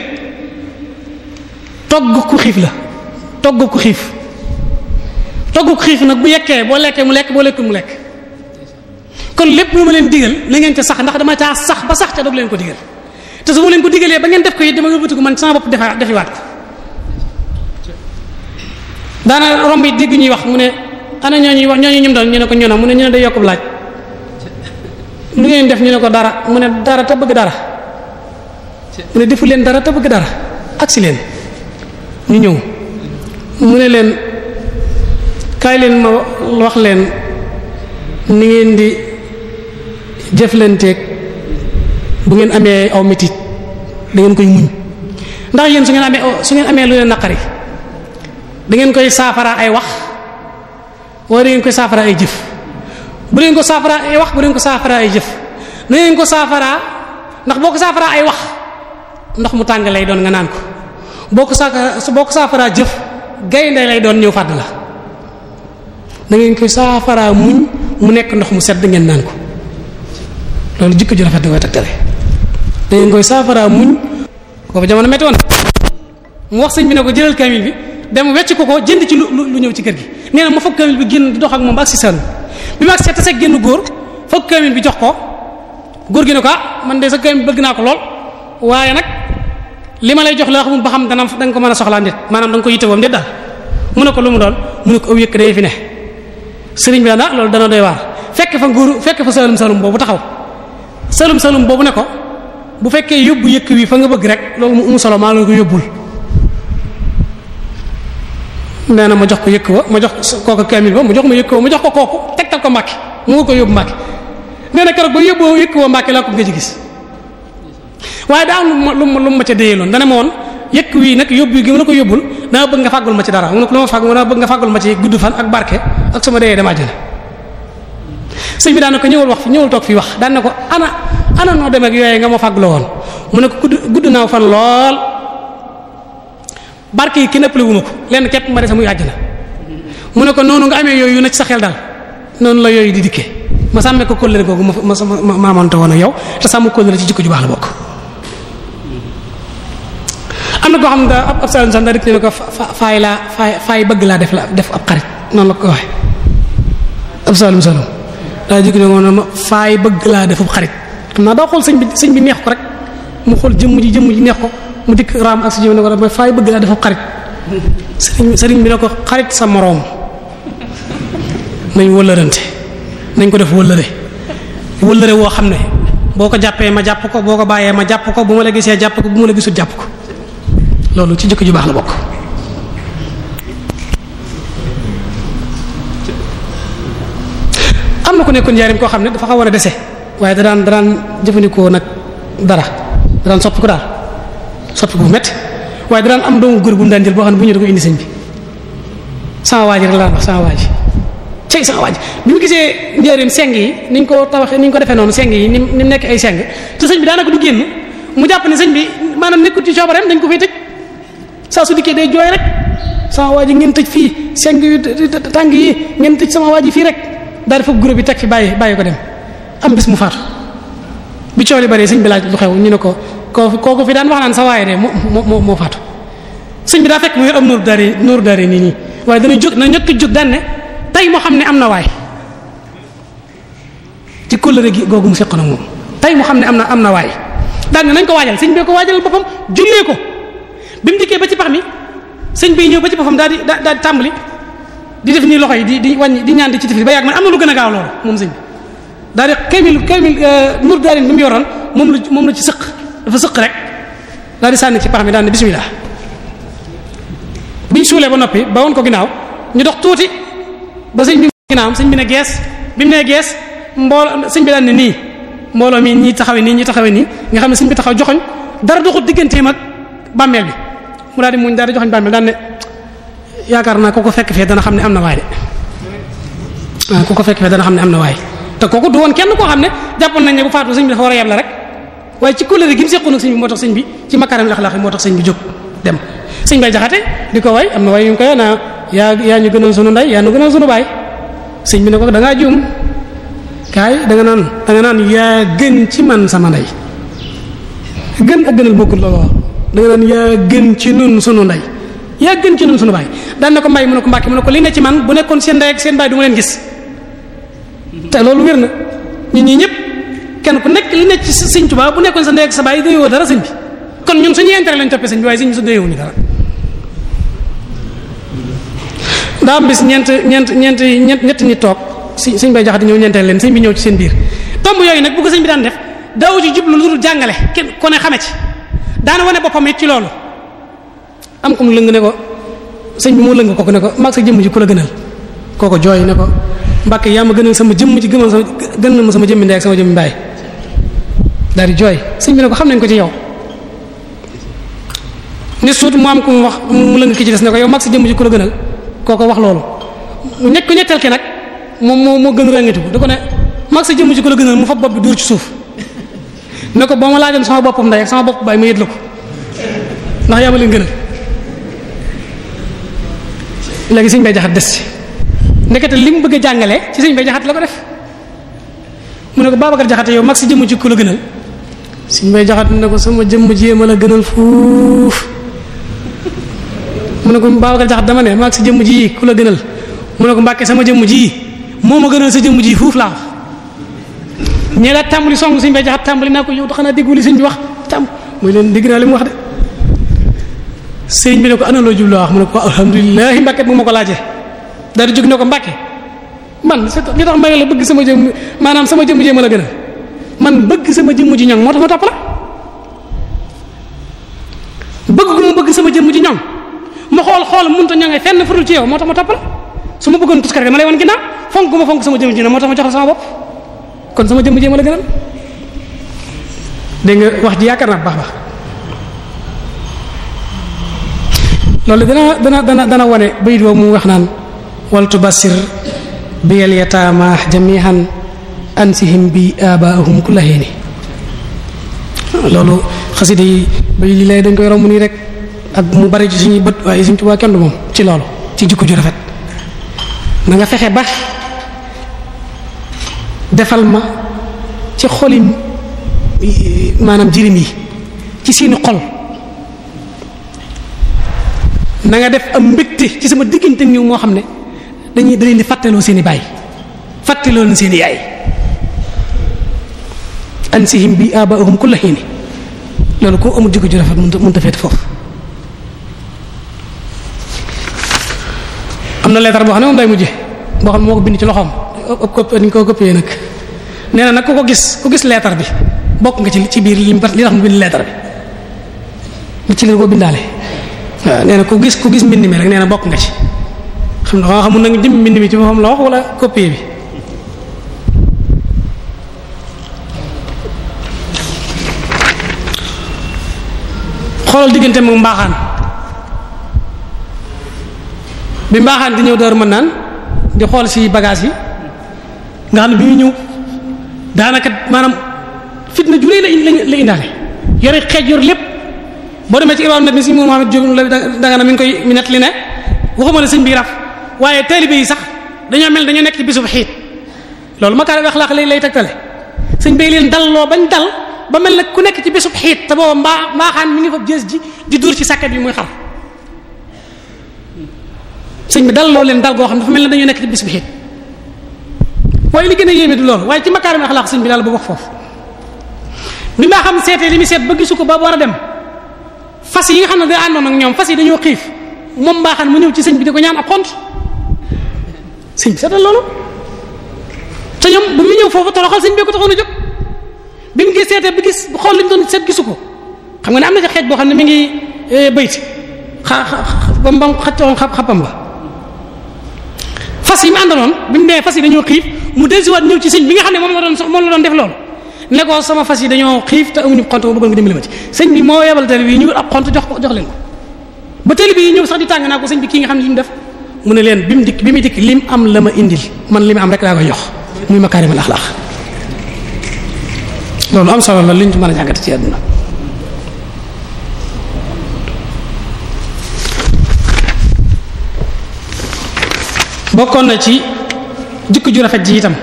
togg ku xiif la togg ku xiif togg ku xiif nag bu yekkee boo lekkee mu lekk boo lekkul mu lekk kon lépp lu ma leen digal na ngeen ca sax ndax dama caa sax ba sax ca doog leen ko digal te su ma leen ko digalee ba ngeen def ko it dama yóbbatu ko man sama bopp defa defiwaat ko daana romb yi digg ñuy wax mu ne ana ñooñuy wax ñooñu ñum doon ñu ne ko ñono mu ne ñu ne day yokkub laaj [LAUGHS] lu ngeen def ñu ne ko dara mu ne dara te bëgg dara mu ne defu leen dara te bëgg dara agsi leen ñu ñëw mu ne leen kaay leen ma wax leen ni ngeen di jëflanteeg bu ngeen amee aw metit da ngeen koy muñ ndax yéen su ngeen amee su ngeen amee lu leen naqari da koy saafara ay wax wala da ngeen koy saafara ay jëf bu leen ko saafara ay wax bu leen ko saafara ay jëf ndax boo ko saafara ay wax ndox mu tàng lay doon nga naan ko boo ko saaka boo ko saafaraa jëf gaynde lay doon ñëw fàdd la da ngeen koy saafaraa muñ mu nekk ndox mu sedd ngeen naan loolu jikko ju rafet da koy takkale da boobu jamono metti woon mu wax sëñ bi ne ko jëlal kamil bi dem wecc ko ko jënd ci lu lu ñëw ci kër gi nee na ma foog kamil bi génn dox ak moom ak si seen bi ma ak seet seeg génn góor foog kamil bi jox ko góor gi ne ko ah man de sa kamil bëgg naa ko lool waaye nag li ma lay jox la xamul ba xam dana da nga ko mën a soxlaa nit maanaam da nga ko daal mu ne ko lu mu doon mu ne ko aw yëkk day fi ne sëriñ bi daal ah, loolu dana doy waar fekk fa nguuru fekk fa salum salum boobu taxaw salum salum boobu ne ko bu fekkee yóbbu yëkk wi fa nga bëgg rek loolu mu umu solo maa la ko yóbbul nee na ma jox ko yëkk wa ma jox kooku kamil ba mu jox ma yëkk wa ma jox ko kooku tegtal ko Mbàkke mu nga ko yóbbu Mbàkke nee na keroog ba yóbbu yëkk wa Mbàkke laa ko nga ci gis waaye daa ma lu ma lu ma ca déyeloon dana ma woon yëkk wii nag yóbbu gi ma la ko yóbbul dama bëgg nga fàggul ma ci dara mu ne ko lu ma fàgg dama bëgg nga fàggul ma ci gudd fan ak barke ak sama deyee dama jël sëñ bi daan na ko wax fi ñëwal toog fii wax daan na ko ana ana noo demee ak nga ma fàggloo woon mu ne ko gudd gudd naaw fan lool barke yi ki nëppale wu ma ko lenn képp ma dese muy àjjana mu ne ko noonu nga amee yooyu yu na ci sa xel daal noonu la yooyu di dikkee ma sàmmee ko kóllëre googu ma ma ma ma amoon woon ak yow te sàmm la ci jikko ju la bokk. am na koo xam ne ab ab saalum sax daal di ko faay laa faay faay bëgg laa def la def ab xarit noonu la ko waxee ab saalum saalum daa jóg ne ma faay bëgg laa def ab xam naa daa xool bi sëñ bi neex ko rek mu xool jëmm ji jëmm ji neex ko mu dikk raam ak si jëmm ko ma faay bëgg laa def ab xarit sëriñ sëriñ bi ne ko xarit sa moroom nañ wëllërante nañ ko def wëllëre wëllëre woo xam ne boo ko jàppee ma jàpp ko boo ko bàyyee ma jàpp ko bu ma la gisee jàpp ko bu ma la gisul jàpp ko. loolu ci jëkk ju baax la bokk am na ku nekkoon njaarim koo xam ne dafa xaw war a dese waaye danaan danaan jëfandikoo nag dara danaan soppi ko daal soppi ko bu métti waaye danaan am doomu góor bu mu daan jël boo xam ne bu ñu da ko indi sëñ bi sama waa ji rek laa wax sama waa ji cey sama waa ji bi mu gisee njaarim seng yi ni ñu ko tabaxee ni ñu ko defe noonu seng yi ni mu nekk ay seng te sëñ bi daanaka du génn mu jàpp ne sëñ bi maanaam nekkul ci coobareem dañ ko saa su dikkee day jooy rek sama waa ji ngeen tëj fii seng yu tàng yi ngeen tëj sama waa fii rek daal di fab guró bi teg fi bàyyi bàyyi ko dem am bis mu faatu bi coow li bari sëñ bi laaj lu xew ñu ne ko koo kooku fi daan wax naan sa waaye de moo moo moo faatu sëñ bi daa fekk mu yor am nuur dari nuur dari nii nii waaye dana jóg na ñëkk jóg daan ne tey moo xam ne am na waay ci kóllëre gi googu mu seqoon ak moom tey moo xam ne am na am na waay daan ne nañ ko waajal sëñ bi ko waajal boppam jullee ko. bi mu dikkee ba ci pax mi sëñ bi ñëw ba ci boppam daal di daal di tàmbali di def nii loxo yi di di wàññi di ñaan di ci tifli ba yàgg man am na lu gën a gaaw loolu moom sëñ bi daal di kamil kamil nur euh, daal yoroon moom la moom la ci sëq dafa sëq rek daal di ci pax mi daal ne bismillah biñ suulee ba noppi ba woon ko ginnaaw ñu dox tuuti ba sëñ bi ginnaawam sëñ bi ne gees bi mu nee gees mbooloo sëñ bi daal ne nii mbooloo mi ñi taxawee nii ñi taxawee nii nga xam ne sëñ bi taxaw joxoñ dara doxul digganteem ak bàmmeel bi mu daal di muñ daal di joxañ bàmmeel yaakaar naa ku ko fekk dana xam ne am na waay de waaw ah, ku ko fekk fee dana xam ne am na waay te kooku du woon kenn koo xam ne jàppoon nañ ne bu faatu sëñ bi dafa war a yeble rek waaye ci kóllëre gi mu seqoon ak bi moo tax sëñ bi ci makaram laxlaax yi moo tax sëñ bi jóg dem sëñ bay jaxate di ko way am na way yu ngi koy naa ah, yaa yaa ñu gënal sunu nday yaa ñu gënal sunu baay sëñ bi ne ko dangaa ngaa juum kaay da nga naan danga nga naan yaa gën ci man sama nday gën ak gënal bokkul looloo da nga naan yaa gën ci nun sunu ndey yaa gën ci nun sunu baay daan na ko mbay mu ne ko mbàkke mu ne ko li ne ci man bu nekkoon seen ndey ak seen baay du ma leen gis te loolu wér na ñun ñii ñëpp kenn ku nekk li ne bu nekkoon sa ndey ak sa baay doyoo dara sëñ bi kon ñun suñuy intérêt lañ toppee sëñ bi waaye sëñ bi su doyoo ñu dara daa am bis ñeent ñeent ñeent ñeent ñett ñi toog si sëñ bay jaxat di ñëw ñeenteel leen sëñ bi ñëw ci seen biir tomb yooyu nag bu ko sëñ bi daan def daaw ci jublu lu dul jàngale kenn ku ne xame ci daana wane boppam it ci loolu am ko mu lëng ne ko sëñ moo mu lëng kooku ne ko maag sa jëmm ji ku la gënal kooku jooy ne ko mbàkke yam ma gënal sama jëmm ji gënal sama gënal ma sama jëmmi ndey ak sama jëmmi mbaay jooy sëñ bi ko xam nañ ko ci yow ne suut mu am ko mu wax mu lëng ki ci des ne ko yow maag sa jëmm ji ku la gënal kooku wax loolu ñett ko ñetteel ki nag moom moo moo gën rëngitu da ko ne maag sa jëmm ji ku la gënal mu fa bopp bi dóor ci suuf ne ko boo ma laajoon sama boppam ndey ak sama bopp baay ma yët la ko ndax yaa ma leen gënal léegi sëñ bay jaxat des ci ndekete li mu bëgg a jàngale ci sëñ bay jaxat la ko def mu ne ko Babacar si jëmm ci ku la gënal sëñ bay jaxat ne ko sama jëmm jéem a gënal fuuf ne ko Babacar jaxat dama ne mag si jëmm ji ku la gënal mu ne ko Mbàkke sama jëmm ji moo ma gënal sa jëmm ji fuuf laa ñee daa tàmbali song suñu bay jaxat tàmbali naa ko yow xanaa déggu li sëñ bi wax tàmb mooy leen dégg naa li mu wax de sëñ bi ne ko ana loo jubloo wax mu ne ko alhamdulilahi mbàkke bu ma ko laajee daal di jóg ne ko mbàkke man c'est li tax mbay la bëgg sama jëm maanaam sama jëmm jéem a la gën man bëgg sama jëmm ji ñoŋ ma topp bëgg gu jëmm ji ñoŋ ma xool xool mënut a ñoŋee fenn furul ci yow moo tax ma topp la su ma bëggoon tuskare dama lay wan ginnaaw fonk gu ma fonk sama jëmm ji ñoŋ moo tax ma jox la sama bopp kon sama jëmm jéema la gënal dégg nga wax ji yaakaar naa baax baax loolu dana dana dana dana wone bayit boobu mu wax naan wal tubasir biyal yataama jamihan ansihim bi abaahum ku laxee ni loolu xasida yi bay lii lay dañ koy romb nii rek ak mu bari ci suñuy bët waaye suñ tubaa kenn du moom ci loolu ci jikko ju rafet na fexe ba defal ma ci xolin maanaam jirim yi ci seeni xol na def am mbégte ci sama diggante ñu moo xam ne dañuy da leen di fàttaloo seeni baay fàttaloo leen seeni yaay ansihim bi abaahum kulla xiini loolu koo amul jikko ju rafet mënta feete foofu am na leetar boo xam ne moom day mujje boo xam ne moo ko bind ci loxoom dañ koo copier nag nee na nag ku ko gis ku gis leetar bi bokk nga ci ci biir li li tax mu bind leetar bi mu ci la ko bindaale waaw ah. nee ku gis ku gis mbind mi rek nee na bokk nga ci xam nga xam nga jëm mbind mi ci boppam la wax wala copier bi. xoolal diggante mu mbaaxaan bi mbaaxaan di ñëw door mën naan di xool si bagage yi nga xam ne bi ñu ñëw daanaka maanaam fitna ju rëy la la indaale yore xeej yor lépp boo demee ci imaam net ni si Muhammad Jóob la danga na mi ngi koy mi net li ne waxuma la sëñ bi raf waaye taalibe yi sax dañoo mel na dañoo nekk ci bisub xiit loolu makaarim axlaaq lay lay tegtale sëñ bay leen dal loo bañ dal ba mel nag ku nekk ci bisub xiit te booba mbaa mbaaxaan mi ngi fab jës ji di duur ci sàkket yi muy xar sëñ bi dal loo leen dal goo xam dafa mel ne dañoo nekk ci bisub xiit waaye li gën a yéeme du loolu waaye ci makaarim axlaaq sëñ bi daal bu wax foofu bi maa xam seetee li mu seet ba gisu ko ba war a dem fas yi nga xam ne da àndoon ak ñoom fas yi dañoo xiif moom mbaaxaan mu ñëw ci sëñ bi di ko ñaan ab xont sëñ bi seetal loolu te ñoom bu mu ñëw foofu toroxal sëñ bee ko taxoon a jóg bi mu ngi seetee bi gis xool li mu doon seet gisu ko xam nga ne am na ci xeet boo xam ne mu ngi eh, bëyti xa xa ba mu xëccoon xapam fas yi mu àndaloon bi mu nee fas yi dañoo xiif mu dellusiwaat ñëw ci sëñ bi nga xam ne moom la doon def loolu ne sama fas yi dañoo xiif te amuñu xont bëggoon nga dimbali ma ci sëñ bi moo yebal tali bi ñu ab xont jox ko jox leen ko ba tali bi ñëw sax di tàng naa ko sëñ bi kii nga xam ne li mu def mu ne leen bi mu dikk bi mu dikk lim am la ma indil man li ma am rek laa koy jox muy makaarimal axlaaq loolu am solo la liñ ci mën a jàngate ci bokkoon na ci jikko ju rafet ji itam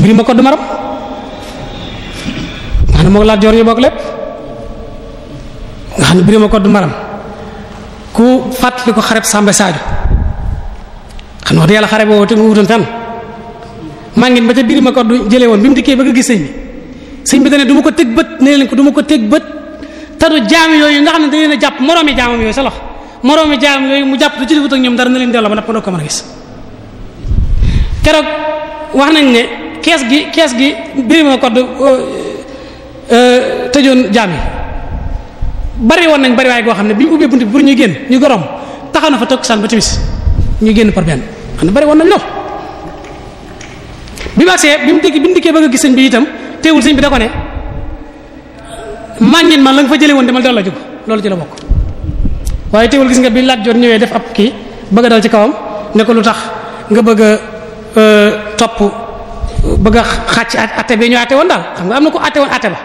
biri ma ko du maram nga xam ne moo laat joor yu bokk lépp nga xam ne biri ma du maram ku fàttali ko xareb Samba Sadio xam nga wax dëgg yàlla xare boobu te mu wutoon fenn maa ngi ba ca biri ma ko du jëlee woon bi mu dikkee bëgg gis sëñ bi sëñ bi dane du ma ko teg bët ne leen ko duma ko teg bët te du jaam yooyu nga xam ne da leen a jàpp moroomi jaamam yooyu sa loxo moroomi jaam yooyu mu jàpp te ci ligut ak ñoom dara na leen delloo ba noppi ko mën a gis keroog wax nañ ne kees gi kees gi birima kodd euh, euh, tëjoon jaam yi bari woon nañ bari waaye goo xam ne bi ñu bunt bi pour ñu génn ñu gorom taxaw na fa toog saan ba timis ñu génn par benn xam bari woon nañ lool bi mu agsee bi mu dikk bi mu dikkee bëgg gis sëñ bi itam teewul sëñ bi da ko man la nga fa jëlee woon demal delloo ji ko loolu ci la bokk waaye teewul gis nga bi Lat Joor ñëwee def ab kii bëgg a dal ci kawam ne ko lu tax nga bëgg a euh, topp bëgg a xàcc atte bi ñu atte woon daal xam nga am na ko atte woon atte ba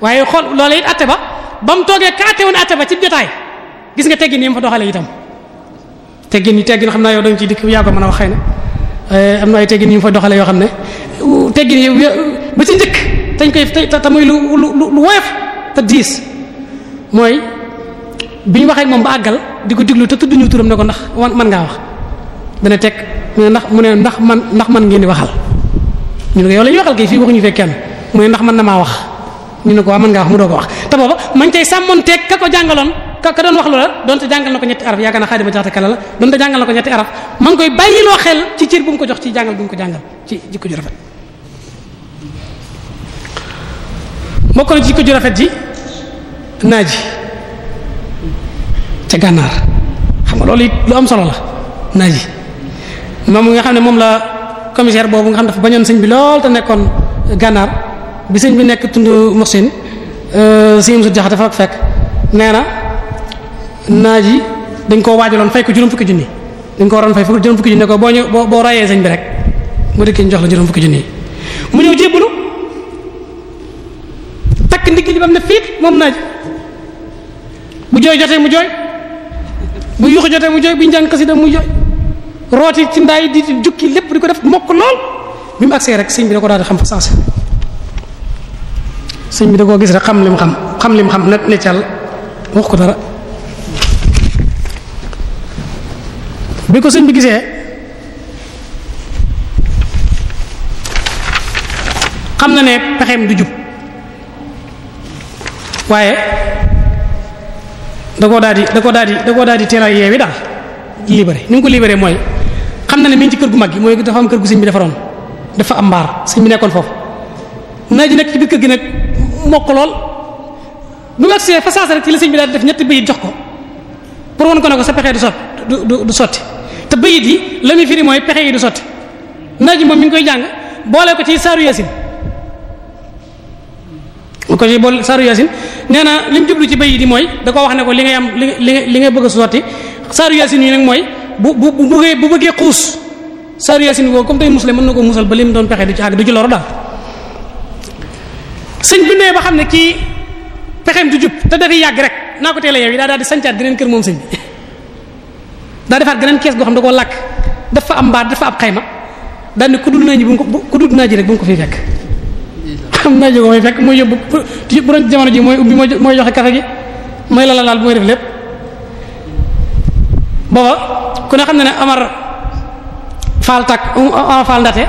waaye xool loola it atte ba ba mu toogee ka atte woon atte ba ci jotaay gis nga teggin yi mu fa itam teggin yi teggin xam naa yow da ciy dikk yaa ko mën a wax xëy na euh, am na ay teggin fa doxalee yoo xam ne teggin yi ba njëkk dañ koy te muy lu lu lu woyof te diis mooy. bi ñu waxee ak moom ba àggal di ko diglu te tudd ñu turam ne ko ndax man ngaa wax dana teg mu ne ndax mu ne ndax man ndax man ngeen di waxal ñu ne ko yow la ñuy waxal kay fii waxuñu fekk kenn mu ne ndax man na maa wax ñu ne ko waa mën ngaa wax mu doo ko wax te booba mañ tey sàmmoon teeg ka ko jàngaloon ka ka doon wax loola donte jàngal na ko ñetti araf yaakaar naa xaadima jaxte kala la donte jàngal na ko ñetti araf ma ngi koy bàyyiloo xel ci cër bu mu ko jox ci jàngal bu ko jàngal ci jikko ju jikko ju rafet ji naaji ca gànnaar xam nga loolu it lu am solo la naaj yi moom nga xam ne moom la commissaire boobu nga xam dafa bañoon sëñ bi lool te nekkoon gànnaar bi sëñ bi nekk tund euh, Moussin Symbiose Diakha dafa ko fekk nee na naaj yi dañ koo waajaloon fay ko juróom fukki junni dañ ko waroon fay fukki juróom fukki junni ne boo ñëw boo boo rayee bi rek mu dikkee ñu jox la juróom fukki junni mu ñëw jébbalu takk ndigg li ba ne fii moom naaj bu jooy jotee mu jooy. bu yuuxu jotee mu jooy bu ñu jàng mu mu root rooti ci ndaay di jukki lépp di ko def mokk lool bi mu agsee rek sëñ bi da ko daal xam fa sens sëñ bi da koo gis rek xam lim xam xam lim xam ne ne càll wax ko dara ko sëñ bi gisee xam na ne pexeem du jub waaye da koo daal di da koo daal di da koo daal di teel a yeewi daal libéré ni mu ko libéré mooy xam na ne mi ci kër gu mag gi mooy dafa am kër gu sëñ bi dafa am mbaar sëñ bi nekkoon foofu naa ji nekk ci biir gi nag mokk lool bu mu agsee fa saasa ci la sëñ bi daal def ñetti bayit jox ko pour won ko ne sa pexe du sot du du sotti te bayit yi la muy pexe yi du sotti naa ji moom mi ngi koy jàng boolee ko ci saaru yasin lu ko ci bool saaru yaasin nee na li jublu ci bay di mooy da koo wax ne ko li ngay am li nga li ngay bëgg sotti saaru yaasin yi nag mooy bu bu bu bëggee bu bëggee xuus saaru yaasin boobu comme tey musale mën na ko musal ba li doon pexe du ci àgg du ci loru daal sëñ bi nee ba xam ne kii pexeem du jub te dafay yàgg rek naa ko teel a yi daa daal di sancaat geneen kër moom sëñ bi [LAUGHS] daa defaat geneen kees goo xam da koo làkk dafa am mbaar dafa ab xayma daal ne ku dul naa ji ko ku dul naa ji rek ko fiy fekk am naaj yu may fekk mooy yóbbu bu bu doon jamono ji mooy ubbi mooy joxe kafe gi mooy lala laal mooy def lépp booba ku ne xam ne ne Omar Fall tak Omar Fall Ndate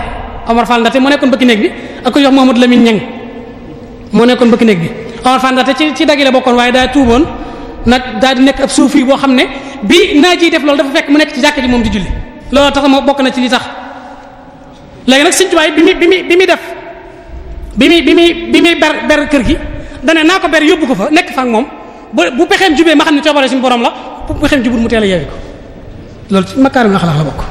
Omar Fall Ndate moo nekkoon bëkk néeg bi ak ko jox Mouhamadou Lamine Niang moo nekkoon bëkk néeg bi Omar Fall Ndate ci ci daggi la bokkoon waaye daa tuuboon nag daal di nekk ab suufi boo xam ne bi naa ji def loolu dafa fekk mu nekk ci jàkka ji moom di julli loolu tax moo bokk na ci li tax léegi nag Sëriñ Tuubaa bi mi bi mi bi mi def bi muy bi muy bi muy ber ber kër gi dane naa ko ber yóbbu ko fa nekk fa moom bu bu pexeem jubee ma xam ne coobare si borom la bu pexeem jubut mu teel a ko loolu ci makaaru nga xalaat la bokk.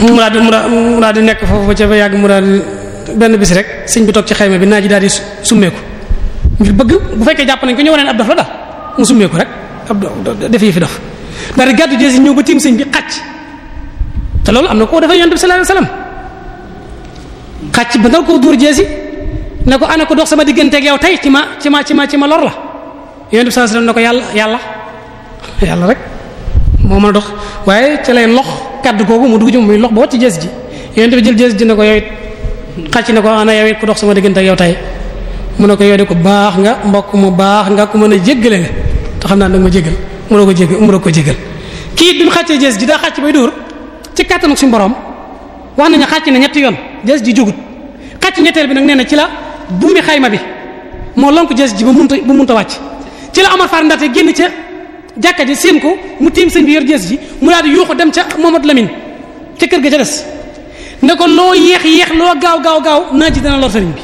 mu daal di mu daal di nekk foofu ba ca ba yàgg mu daal benn bis rek sëñ bi toog ci xayma bi naa ji daal di summeeku ngir bëgg bu fekkee jàpp nañ ko ñu ne ab dof la daal mu summeeku rek ab def yi fi dof daal di gàddu jeesi ñëw ba tiim sëñ bi xàcc te loolu am na koo dafa yonent bi sallallahu xàcc ba nar koo dóor jeesi ne ko ana ko dox sama digganteeg yow tey ci ma ci ma ci ma ci ma lor la yonent bi ne ko yàlla yàlla yàlla rek moo mën dox waaye ca lay lox kaddu googu mu dugg ci muy lox ba wàcc jees ji yonent jël jees ji ko yow it xàcc ko ana yow it ku dox sama digganteeg yow tey mu ne ko yow de ko baax nga mbokk mu baax nga ku mën a jéggale nga naa ne ma jéggal mënoo ko jégg mënoo ko jéggal kii bi mu xàccee jees ji daa xàcc bay dóor ci kattanu suñu borom wax nañu xàcc ne ñetti yoon jees ji jógut xàcc ñetteel bi nag nee na ci la bummi xayma bi moo lonk jees ji ba munta ba munta wàcc ci la Omar Faar Ndaté génn ca jàkka ji séen ko mu tiim sëñ bi yor jees ji mu daal di yuuxu dem ca Momadou Lamine ca kër ga ca des ne ko loo yéex yéex loo gaaw gaaw gaaw naa ci dana lor sëriñ bi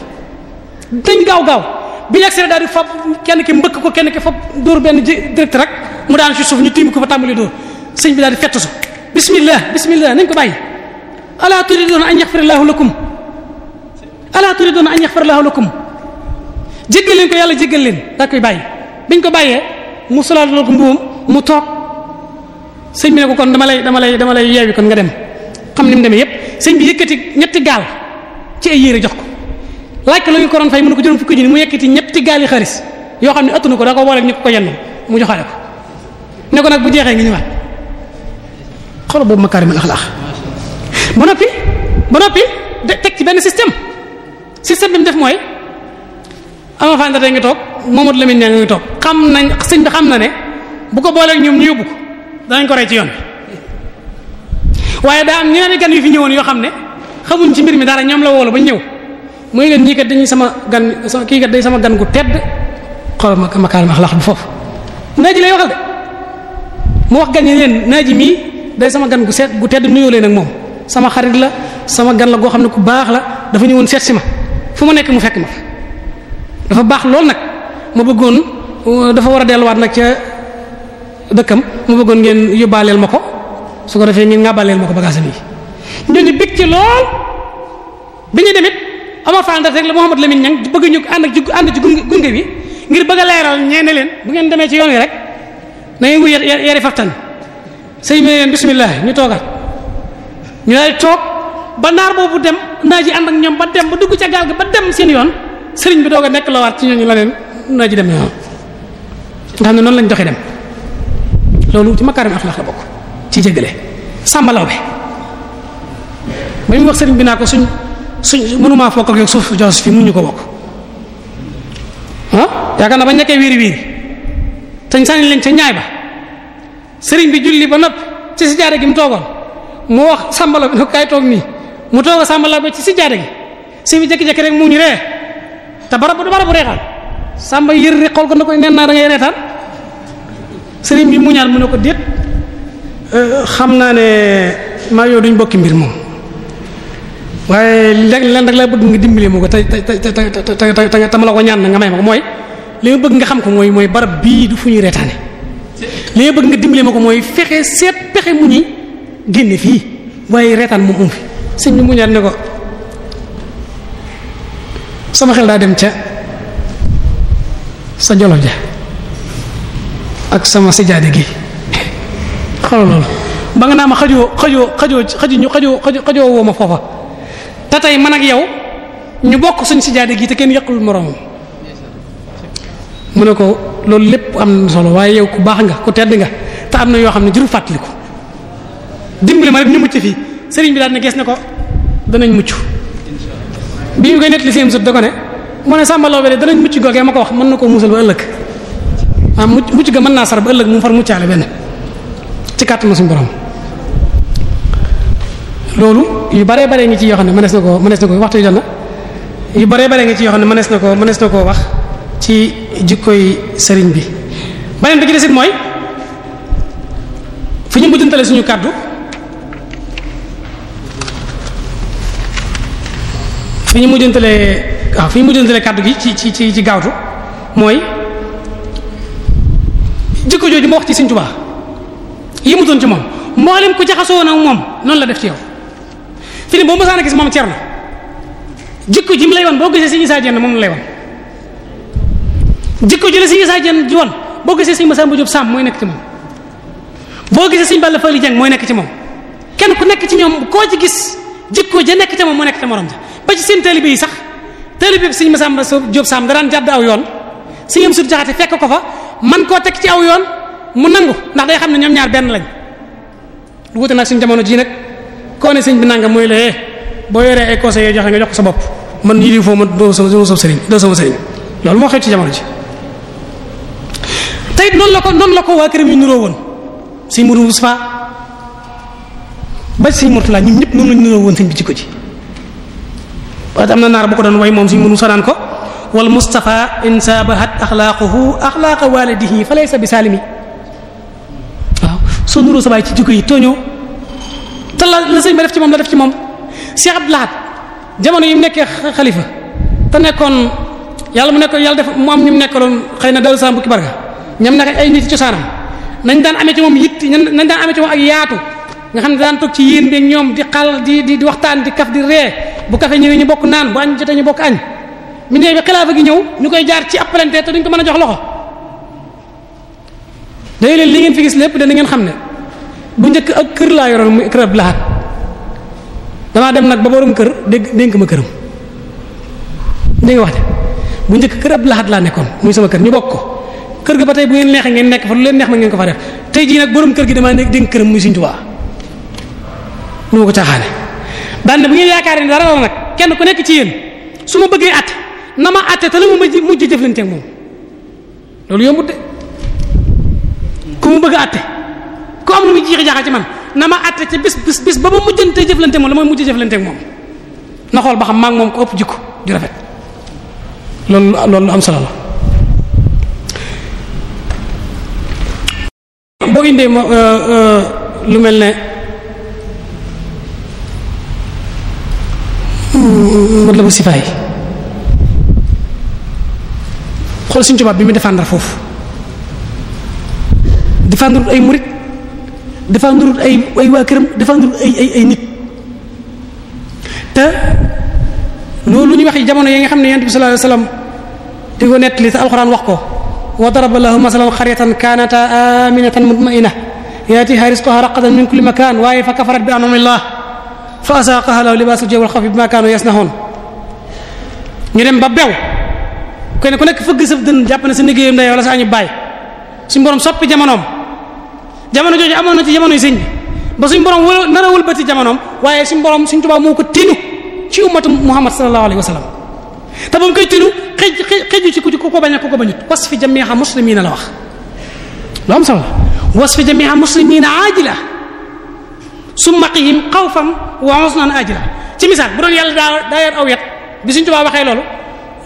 dañ gaaw gaaw bi ñu agsi daal di fab kenn ki mbëkk ko kenn ki fab dóor benn direct rek mu daan ci suuf ñu tiim ko fa tàmbali dóor sëñ bi daal di fettu su bismillah ko bàyyi ala turiduuna an yaxfirallahu lakum ala turiduna an yaghfir lahu lakum jéggal leen ko yàlla jéggal leen daa koy bàyyi biñ ko bàyyee mu solaal la ko mbuum mu toog sëñ bi ne ko kon dama lay dama lay dama lay yeewi kon nga dem xam ni mu demee yépp sëñ bi yëkkati ñetti gaal ci ay yére jox ko laaj ko la ñu ko doon fay mu ne ko juróom fukki junni mu yëkkati ñetti gaal yi xaalis yoo xam ne ëttu na ko daa ko wooleeg ñu ko ko yenn mu joxaale ko ne ko nag bu jeexee nga ñëwaat xoolal boobu makaarimul axlaax ba noppi système bi mu def mooy ama fanta ngi toog Mamadou Lamine ne ngi toog xam nañ sëñ bi xam na ne bu ko booleeg ñoom ñu yóbbu ko danañ ko rey ci yoon waaye daa am ñeneen gan yu fi ñëwoon yoo xam ne xamuñ ci mbir mi dara ñoom la woolu ba ñëw muy leen ñii kat dañuy sama gan kii kat day sama gan gu tedd xool ma makaar ma axlaq bu foofu naaj lay waxal de mu wax gan yi leen naaj mii day sama gan gu seet gu tedd nuyoo leen ak moom sama xarit la sama gan goo xam ne ku baax la dafa ñëwoon seet si ma fu ma nekk mu fekk ma fa dafa baax lool nag ma bëggoon euh, dafa war a delluwaat nag ca dëkkam ma bëggoon ngeen yóbbaaleel ma ko su ko defee ngeen ngàbbaaleel ma ko bagaasam yi ñooñu bég ci lool bi ñu demit Omar Fall rek la Mouhamad Lamine Niang bëgg ñu ànd ak ci ànd ci gunge bi ngir bëgg a leeral ñeene leen bu ngeen demee ci yoon wi rek na ngeen ko yari yari faftan sëñ bi leen bismillah ñu toogaat ñu daal toog ba naar boobu dem naa yi ànd ak ñoom ba dem ba dugg ca gaal ga ba dem seen yoon sëriñ bi doog a nekk la waat ci ñooñu la leen naa ji dem yoon nga xam ne noonu lañ doxee dem loolu ci makaarim axlaax la bokk ci jégale sàmbalaw bi ba ñu wax sëriñ bi naa ko suñ suñ mënumaa fokk ak suuf jos ñu ko bokk ah na ba nekkee wiiri wiiri te sànni leen ca ñaay ba sëriñ bi julli ba nopp ci si gi mu toogoon moo wax sàmbalaw bi na ko kaay nii mu toog a sàmba làbbe ci si jaade gi si bi jékki-jékki rek mu ñu ree te barab bu barab bu reexal sàmba yër rek xool ko na koy nen naa da ngay reetaan sëriñ bi mu muñaan mu ne ko déet euh, xam naa ne maa yow duñ bokki mbir moom waaye léeg leen rek laa bëgg nga dimbali ma ko te te te te te te ma la ko ñaan na nga may ma ko mooy li ma bëgg nga xam ko mooy mooy barab bii du fu ñuy reetaane li ma bëgg nga dimbali ma ko mooy fexe seet pexe mu ñuy génne fii waaye reetaan moom sëñ bi muñaat ne ko sama xel daa dem ca sa jolof ja ak sama sijaade gi xoolal loolu ba nga naa ma xajoo xajoo xajoo xajuñu xajoo xajoo woo ma foofa te tey man ak yow ñu bokk suñ sijaade gi te kenn yàqul moroomam mu ne ko loolu lépp am na solo waaye yow ku baax nga ku tedd nga te am na yoo xam ne juru fàttaliku dimbali ma rek ñu mucc fii sëriñ bi daal ne gees ne ko danañ mucc bi ñu koy nettali seen sut da ko ne mu ne Samba Laobé de danañ mucc googee ma ko wax mën na koo muusal ba ëllëg ah mucc mucc ga mën naa sar ba ëllëg mu far muccaale benn ci kàttanu suñu borom loolu yu baree baree ngi ci yoo xam ne mënees na koo mënees na ko waxtu yu jot na baree baree ngi ci yoo xam ne na koo mënees na koo wax ci jikkoy sëriñ bi beneen bi ci desit mooy fi ñu mujjantale suñu kàddu fi ñu mujjantalee waaw fi ñu mujjantalee kàddu gi ci ci ci ci gaawtu mooy jikko jooju ma wax ci Sëriñ Tuubaa yi mu doon ci moom mboolem ku jaxasoo woon ak moom noonu la def ci yow fi ne boo mosaan a gis moom Cerno jikko ji lay wan boo gisee Sëriñ Isaa Jeen lay wan jikko ji la Sëriñ Isaa Jeen ji wan boo gisee si Masamba Jóob Sàmm mooy nekk ci moom boo gisee Sëriñ Balla Fali Jeng mooy nekk ci moom kenn ku nekk ci ñoom koo ci gis jikko ja nekk ca moom moo nekk ca morom ja ba ci seen taalibe yi sax taalibe bi sëñ Masamba Jóob Saam da daan jàdd aw yoon sëñ am sut jaxate fekk ko fa man koo teg ci aw yoon mu nangu ndax day xam ne ñoom ñaar benn lañ lu wute nag suñ jamono ji nag koo ne sëñ bi nangam mooy la eh, boo yoree ay conseils yooyu joxe nga jox ko sa bopp man yii foo ma doo sama doo sama sëriñ doo sama sëriñ loolu moo xew ci jamono ji tey noonu la ko noonu la ko waa këram yu niroo woon sëñ Mourou Moussa ba sëñ Mourtala ñun ñëpp noonu la ñu niroo woon sëñ bi ci ko ci parce que am na naar bu ko doon way moom si mënu sanaan ko wal mustafa in saabahat axlaaquhu axlaaqa waalidihi fa laysa bi saalimi waaw soo nuroo sa baay ci jikko yi tooñoo te la la sëñ ba def ci moom la def ci moom Cheikh Abdou Lahad jamono yi mu nekkee xalifa te nekkoon yàlla mu nekkoon yàlla def mu am ñu mu nekkaloon xëy na dalu saam bukki barga ñam nag ay nit ci cosaanam nañ daan amee ci moom yitt nañ daan ak yaatu nga xam ne daan toog ci yéen beeg ñoom di xal di di waxtaan di kaf di ree bu kafe ñëwee ñu bokk naan bu añ jotee ñu bokk añ mi ndee bi xilaafa gi ñëw ñu koy jaar ci appalante te duñ ko mën a jox loxo léegi leen li ngeen fi gis lépp dana ngeen xam ne bu njëkk ak kër laa yoroon muy kër ab laxaat damaa dem nag ba borom kër dégg dénk ma këram dégg nga wax de bu njëkk kër ab laxaat laa nekkoon muy sama kër ñu bokk ko kër gi ba tey bu ngeen neexee ngeen nekk fa lu gi damaa nekk dénk këram muy Sëriñ moo ko caaxaane daanaka bu ngeen yaakaaree ne dara la nag kenn ku nekk ci yéen su ma bëggee àtte na ma àtte te la mu mujj mujj moom loolu yombut de ku mu bëgg a àtte ku am lu muy jiixi jaaxa ci man na ma àtte ci bis bis bis ba ma mujjante jëflante moom ma mujj jëflante ak moom na xool ba xam maa ngi moom ko ëpp jikko ju rafet loolu loolu am solo la. boo indee euh, euh, lu mel ne. Matlabu Sifaay xool Sëriñ Tuubaa bi mu défendre foofu défendre ay murit défendre ay ay waa këram défendre ay ay nit te loolu ñu wax jamono yi nga xam ne Yonent bi sallallahu alayhi wasallam di ko nettali sa alxuraan wax ko wa daraba lahu masalan qaryatan kaanat aaminatan mutma'innatan yaatiihaa rizquhaa raqadan min kulli makaan waaye fa kafarat bi an'amillah fa asaaqahaa Allaahu libaasul joo'i wal xawfi bimaa kaanu yasnahuun ñu dem ba bew kenn ku nekk fëgg sa dënn jàpp ne sa liggéeyam day wala sa añu baay suñu borom soppi jamonoom jamono jooju amoon na ci jamono yu sëñ ba suñu borom wël nar a wëlbati jamonoom waaye suñu borom suñ tubaab moo ko tinu ci ummatu Muhammad sallallahu alayhi wa sallam te ba mu koy tinu xëj xëju ci ku ci ku ko bañ a ku ko bañut wasfi jamiiha muslimiina la wax lu am solo wasfi jamiiha muslimiina summa qihim xawfam wa usnan ajra ci misaal bu doon yàlla daa daa yor bi suñ tubaa waxee loolu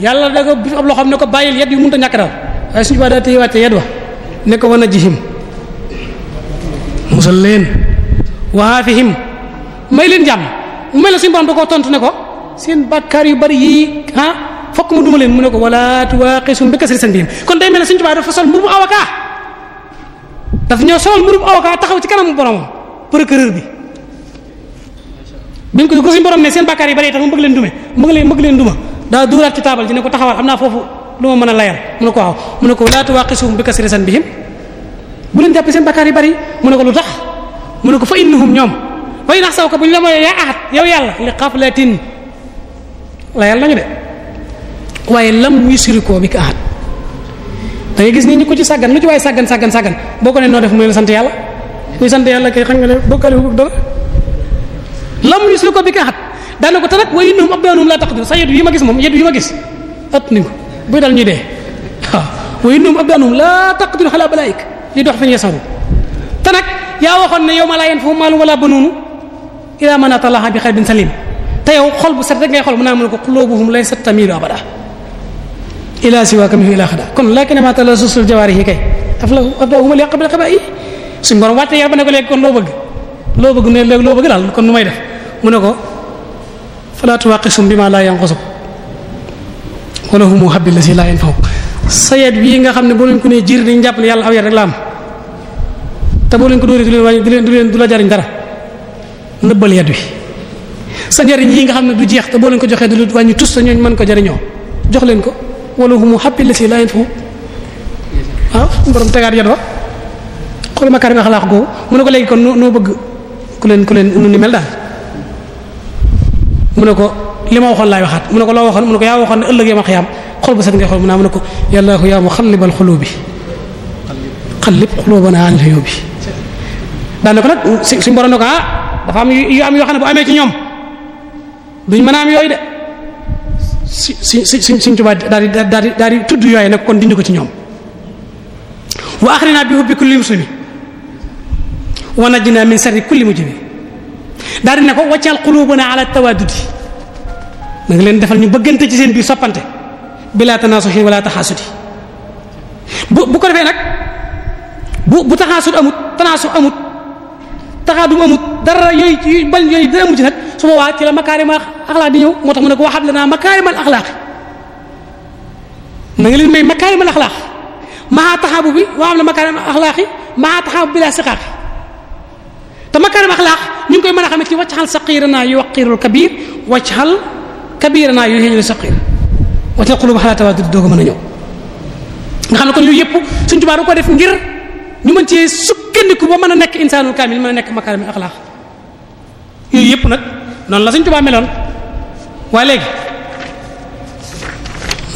yàlla da ko ab loxoom ne ko bàyyil yet yu mënut a ñàkk daw waaye suñ tubaa daa tey wàcce yet wa ne ko wan a jihim musal leen waafihim may leen jàmm mu mel ne borom da koo tontu ne ko seen bàkkaar yu bari yii ah fokk mu duma leen mu ne ko wala tuwaaqisum bi kasri seen biim kon day mel ne suñ tubaa dafa sol mbubu avocat daf ñoo taxaw ci kanamu boromam procureur bi biñ ko ko suñu borom ne seen bàkkaar yi bari tam mu bëgg leen dume bëgg leen duma daa duuraat ci taabal ji ne ko taxawal xam naa foofu lu ma mën a layal mu ne ko waaw mu ne ko laa tuwaqisuhum bi kasri sanbihim bu leen jàpp seen bàkkaar yi bari mu ne ko lu tax mu ne ko fa innahum ñoom fa in ahsawka bu ñu la mooy yaa ahad yow yàlla li xaflatin layal nañu de waaye lam yusrikoo bi ka ahad da ngay gis ni ñu ko ci sàggan lu ci waaye sàggan sàggan sàggan boo ko ne noo def mu ne sant yàlla kuy sant yàlla kay xam nga ne bokkaale dara lam mislu ko bi ka daana ko te nag wa innahum abdaanum laa taqdir sa yeddu yi ma gis moom yeddu yi gis ëpp nañ ko buy dal ñuy dee waaw wa innahum abdaanum laa taqdiru xalaa balaayik li dox fañ yasaru te nag yaa waxoon ne yow ma laa yanfa'u maalun wala banuun ilaa man ataa Allaha bi qalbin salim te yow xol bu set rek ngay xol mu naa mën ko qulubuhum laysat tamilu abada ila siwaaka minhu ila xada kon laakin ma talasusul jawaarihi kay aflahu abdahuma li qabla qaba'i suñu borom wàtte yar ba ne ko loo bëgg bëgg ne léegi kon nu may def mu ne ko falaa tuwaqisum bi ma laa yanqusuk wala humu habbi la si laa yanfaw sayet bii nga xam ne boo leen ko nee jir dañu jàpp ne yàlla aw yet rek la am te boo leen ko dóoree du leen wàññi du leen du la jariñ dara nëbbal yet wi sa njariñ yi nga xam ne du jeex te boo leen ko joxee du lu wàññi tus sa ñooñ mën ko jariñoo jox leen ko wala humu habbi la si laa yanfaw ah borom tegaat yet wa xool ma kàr yi ma xalaat ko mu ne ko léegi kon noo bëgg ku leen ku leen ni mel daal. mu ne ko li ma waxoon laay waxaat mu ne ko loo waxoon mu ne ko yaa waxoon ne ëllëg yama xiyaam xol bu set ngay xool mu naa ah, mu ne ko yàllaahu yaa muqallibal quluubi qallib quluubanaa alal huyuubi daane ko nag suñu borom ne ko ah dafa am yu am yoo xam ne bu amee ci ñoom duñ mën a am yooyu de si si si si suñ tubaab daal di daal di daal di tudd yooyu nag kon dindi ko ci ñoom wa axrinaa bi hubbi kulli muslimi wa najjinaa min sharri kulli mujrimin daal di ne ko waccal qulubuna ala tawaadudi na nga leen defal ñu bëggante ci seen biir soppante bila tanaasuxin wala taxaasudi bu bu ko defee nag bu bu taxaasud amut tanaasuux amut taxaadum amut dara yooyu yu bal yooyu dara amu ci nag su boobaa ci la makaarima axlaaq di ñëw moo tax mu ne ko waxaat la naa makaarimal axlaaq na nga leen may makaarimal axlaaq maa taxaabu bi waa am la makaarimal axlaaqi maa taxaabu bi laa siqaaqi te makaarimal axlaaq ñu ngi koy mën a xamee ci waccaxal saqiiranaa yu waqiirul kabir waccaxal kabiranaa yu xeeñul saqiir waccal xuluba xalaa tawaadud dooga mën a ñëw nga xam ne kon yooyu yëpp suñ tubaa da ko def ngir ñu mën cee sukkandiku ba mën a nekk insaanul kaamil mën a nekk makaarimul axlaaq yooyu yëpp nag noonu la suñ tubaa meloon waaye léegi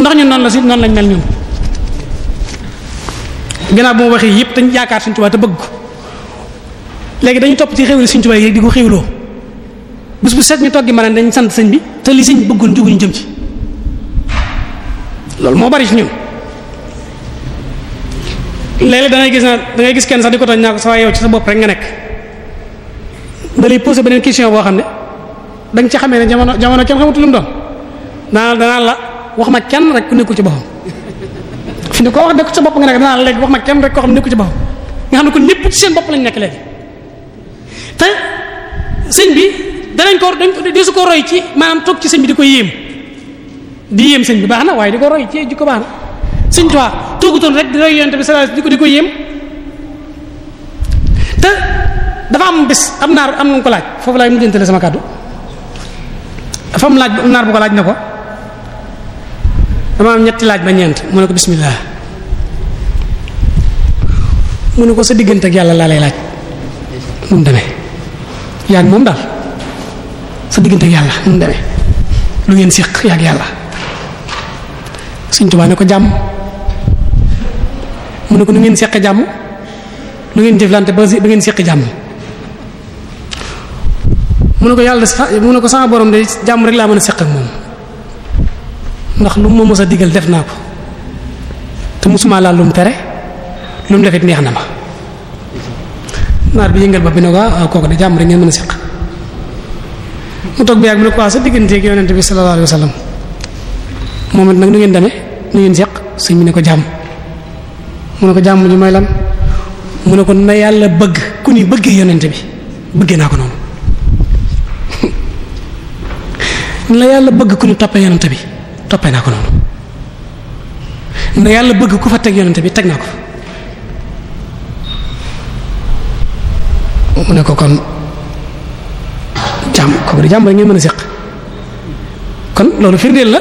ndax ñun noonu la si noonu lañ mel ñun ginnaaw bu ma waxee yëpp dañ yaakaar suñ tubaa te bëgg ko léegi dañu topp ci xéwlu Sëriñ Tuubaa yi di ko loo bés bu set ñu toggi ma ne dañ sant sëñ bi te li sëñ bëggoon ñu jëm ci loolu moo bari ci ñun léeg-léeg da ngay gis naa dangay gis kenn sax di ko tooñ naa ko sa yow ci sa bopp rek nga nekk da lay posé beneen question boo xam ne da nga ci xamee ne jamono jamono kenn xamatu lu mu doon danaa la wax ma kenn rek ku nekkul ci boppam fi ne ko wax nekkul ci sa bopp nga nekk danaa la léegi wax ma kenn rek koo xam ne ko te sëñ bi danañ ko dañ di su ko roy ci maanaam toog ci sëñ bi di ko yéem di yéem sëñ bi baax na waaye di ko roy ci jikko baax na sëñ Tuubaa toogutoon rek di roy yonent bi sallallahu alayhi di ko di ko yéem te dafa am bés am naar am ko laaj foofu laay mujjantale sama kàddu dafa am laaj naar bu laaj na ko dama ñetti laaj ba ñeent mu ne ko bismillah mu ne ko sa diggante ak yàlla laa lay laaj mu demee yaa moom daal sa diggante ak yàlla nu mu demee lu ngeen séq yaa yàlla Sëñ Tuubaa ne ko jàmm mu ne ko nu ngeen seqe jàmm lu ngeen jëflante ba ngeen seqi jàmm mu ne ko yàlla de mu ne ko sama borom de jàmm rek laa mën a seq ak moom ndax lu mu ma mës a digal def naa ko te mosuma laal lu mu tere lu mu defit neex na ma naar bi yëngal ba bi ne ko ah kooku de jàmm rek ngeen mën a seq mu toog bi yàgg mu ne ko ah sa yonent bi sallallahu alayhi wa sallam moom nag nu ngeen demee nu ngeen seq sëñ mu ne ko jàmm mu ne ko jàmm ji mooy lan mu ne ko na yàlla bëgg ku ni bëggee yonent bi bëggee naa ko noonu [LAUGHS] na yàlla bëgg ku ni toppee yonent bi toppee naa ko noonu na yàlla bëgg ku fa teg yonent bi teg naa ko. mu ne ko kon jàmm kooku di jàmm rek ngeen mën a seq kon loolu firndeel la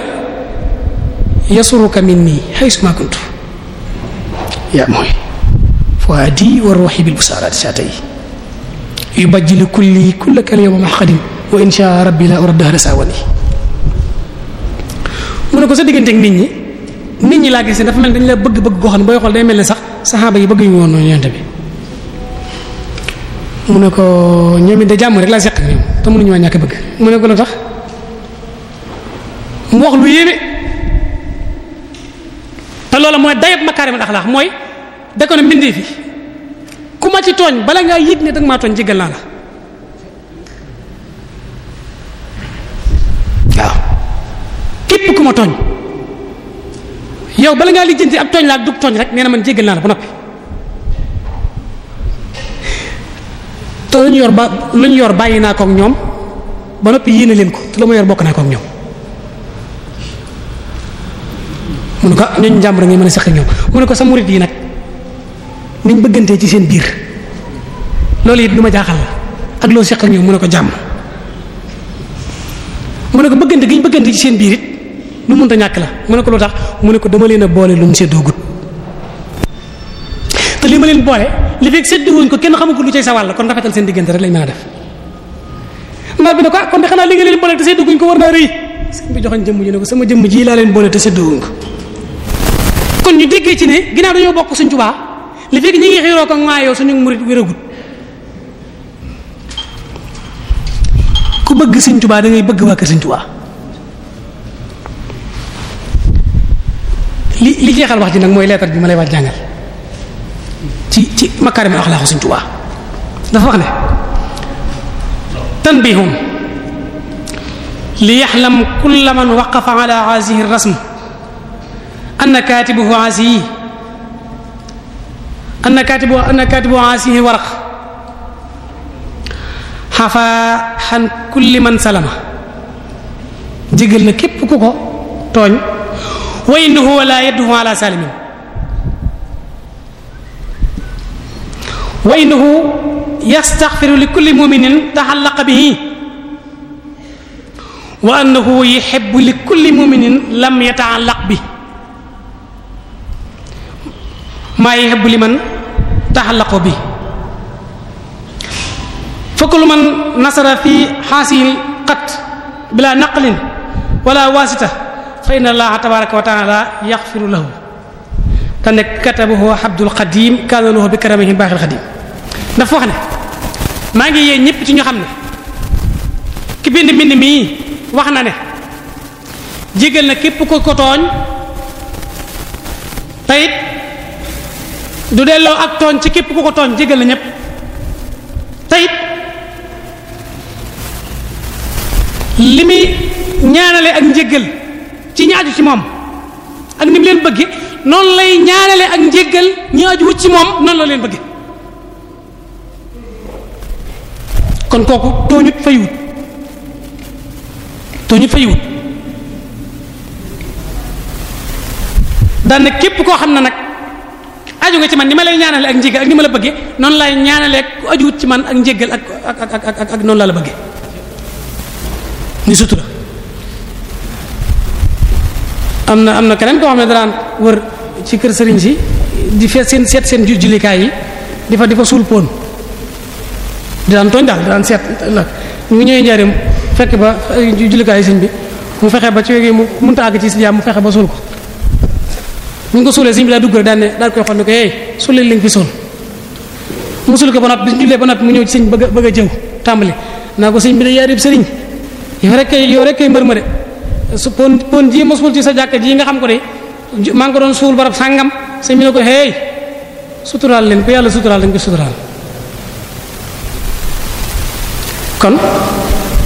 yasuruka min nii haysu ma kuntu yaa mooy fuadi wa ruuxi bil busaaraati saatay yubajjilu kulli kulla kal yawma mahqadim wa insha rabbi la uraddaha rasawani mu ne ko sa digganteeg nit ñi nit ñi laa gisee dafa mel dañ la bëgg-bëgg goo xam ne booy mel ne sax saxaaba yi bëgg ñu woon noonu yonent bi mu ne ko ñoom it de jàmm rek laa seq ñoom te mënuñu waa ñàkk bëgg mu ne ko la tax mu wax lu yéeme te loola mooy dayab makaarimal axlaax mooy da ko ne mbindee fi ku ma ci tooñ bala ngaa yëg ne danga maa tooñ jéggal naa la waaw képp ku ma tooñ yow bala ngaa lijjanti ab tooñ laa dug tooñ rek nee na man jéggal naa la ba noppi te lu ñu yor ba lu ñu yor bàyyi naa ko ñoom ba noppi yéene leen ko te lu ma yor bokk naa ko ak ñoom mu ne ko ah, ñooñu njàmbur ngay mën a seq ñoom mu ne ko sa murit yi nag niñ bëggantee ci seen biir loolu it lu ma jaaxal la ak loo seq ak ñoom mu ne ko jàmb mu ne ko bëggante gi ñu ci seen biir it lu mënta ñàkk la mu ne ko lu tax mu ne ko dama leen a boole lu mu séddoo gut te li ma leen boole. li fekk séddiwuñ ko kenn xamu ko lu cay sa wàll kon rafetal seen diggante rek lañ mën a def naar bi ne ko ah kon de xanaa li nga leen boole te sédduguñ ko war naa rëy sëñ bi joxoñ jëmm ji ne ko sama jëmm ji laa leen boole te sédduwuñ ko kon ñu déggee ci ne ginnaaw dañoo bokk suñ tubaa li fekk ñi ngi xiiroo ko ŋaayoo suñu murit wéragut ku bëgg suñ tubaa da ngay bëgg waa kër suñ tubaa li li jeexal wax ji nag mooy leetar bi ma lay waaj jàngal ci ci makarim axlaaqu Sëriñ Tuubaa dafa wax ne tanbihum li yaxlam kulla man waqafa ala hazihi rasm anna katibuhu asiyi anna katibu anna katibu asihi waraq xafa xan kulli man salama jégal na képp ku ko tooñ wa innahu la yadduhu ala salimin wa innahu yastaxfiru li kulli muminin taxallaqa bihi wa annahu yuxibu li kulli muminin lam yataallaq bi maa yuxibu li man taxallaqu bi fa kullu man nasara fi xaasihi qat bila naqlin wala wasita fa inna allaha tabaraka wa taala yaxfiru lahu te nekk katabahu Abdul Xadim kaana lahu bi karamihi baaxil Xadim dafa wax ne maa ngi yee ñépp ci ñu xam ne ki bind mbind mii wax na ne jégal na képp ko ko tooñ tayit du delloo ak tooñ ci képp ku ko tooñ jégal na ñëpp tayit li muy ñaanale ak njégal ci ñaaju ci moom ak ni mu leen bëgge noonu lay ñaanale ak njéggal ñi aju ci moom noonu la leen bëgge kon kooku tooñut faywut tooñut faywut daan képp koo xam ne nag aju nga ci man ni ma lay ñaanale ak njéggal ak ni ma la bëgge noonu lay ñaanale ak aju ci man ak njéggal ak ak ak ak ak noonu laa la bëgge ni sutura am na am na keneen koo xam ne danaan wër ci kër sëriñ si di fees seen seet seen ju jullikaay yi di fa di fa suul poon di daan tooñ daal di daan seet la ñu ñëwee njëriñ fekk ba sëñ bi mu fexe ba ci wéegi mu mënta àgg ci si mu fexe ba suul ko mun ngi ko suulee sëñ bi daa dugg rek daan ne daal koy xool ne ko yeey suulee li fi suul mu suul ko ba noppi bi ñu jullee ba mu ñëw ci sëñ bëgg a bëgg a jëw tàmbali naa ko sëñ bi ne yaa rib sëriñ yow rek yow rek mbër ma de su pon pon jii ma suul ci sa jàkka jii nga xam ko de maa ngi ko doon suul barab sàngam sëñ bi ne ko hey suturaal leen ko yàlla suturaal dañ ko suturaal kon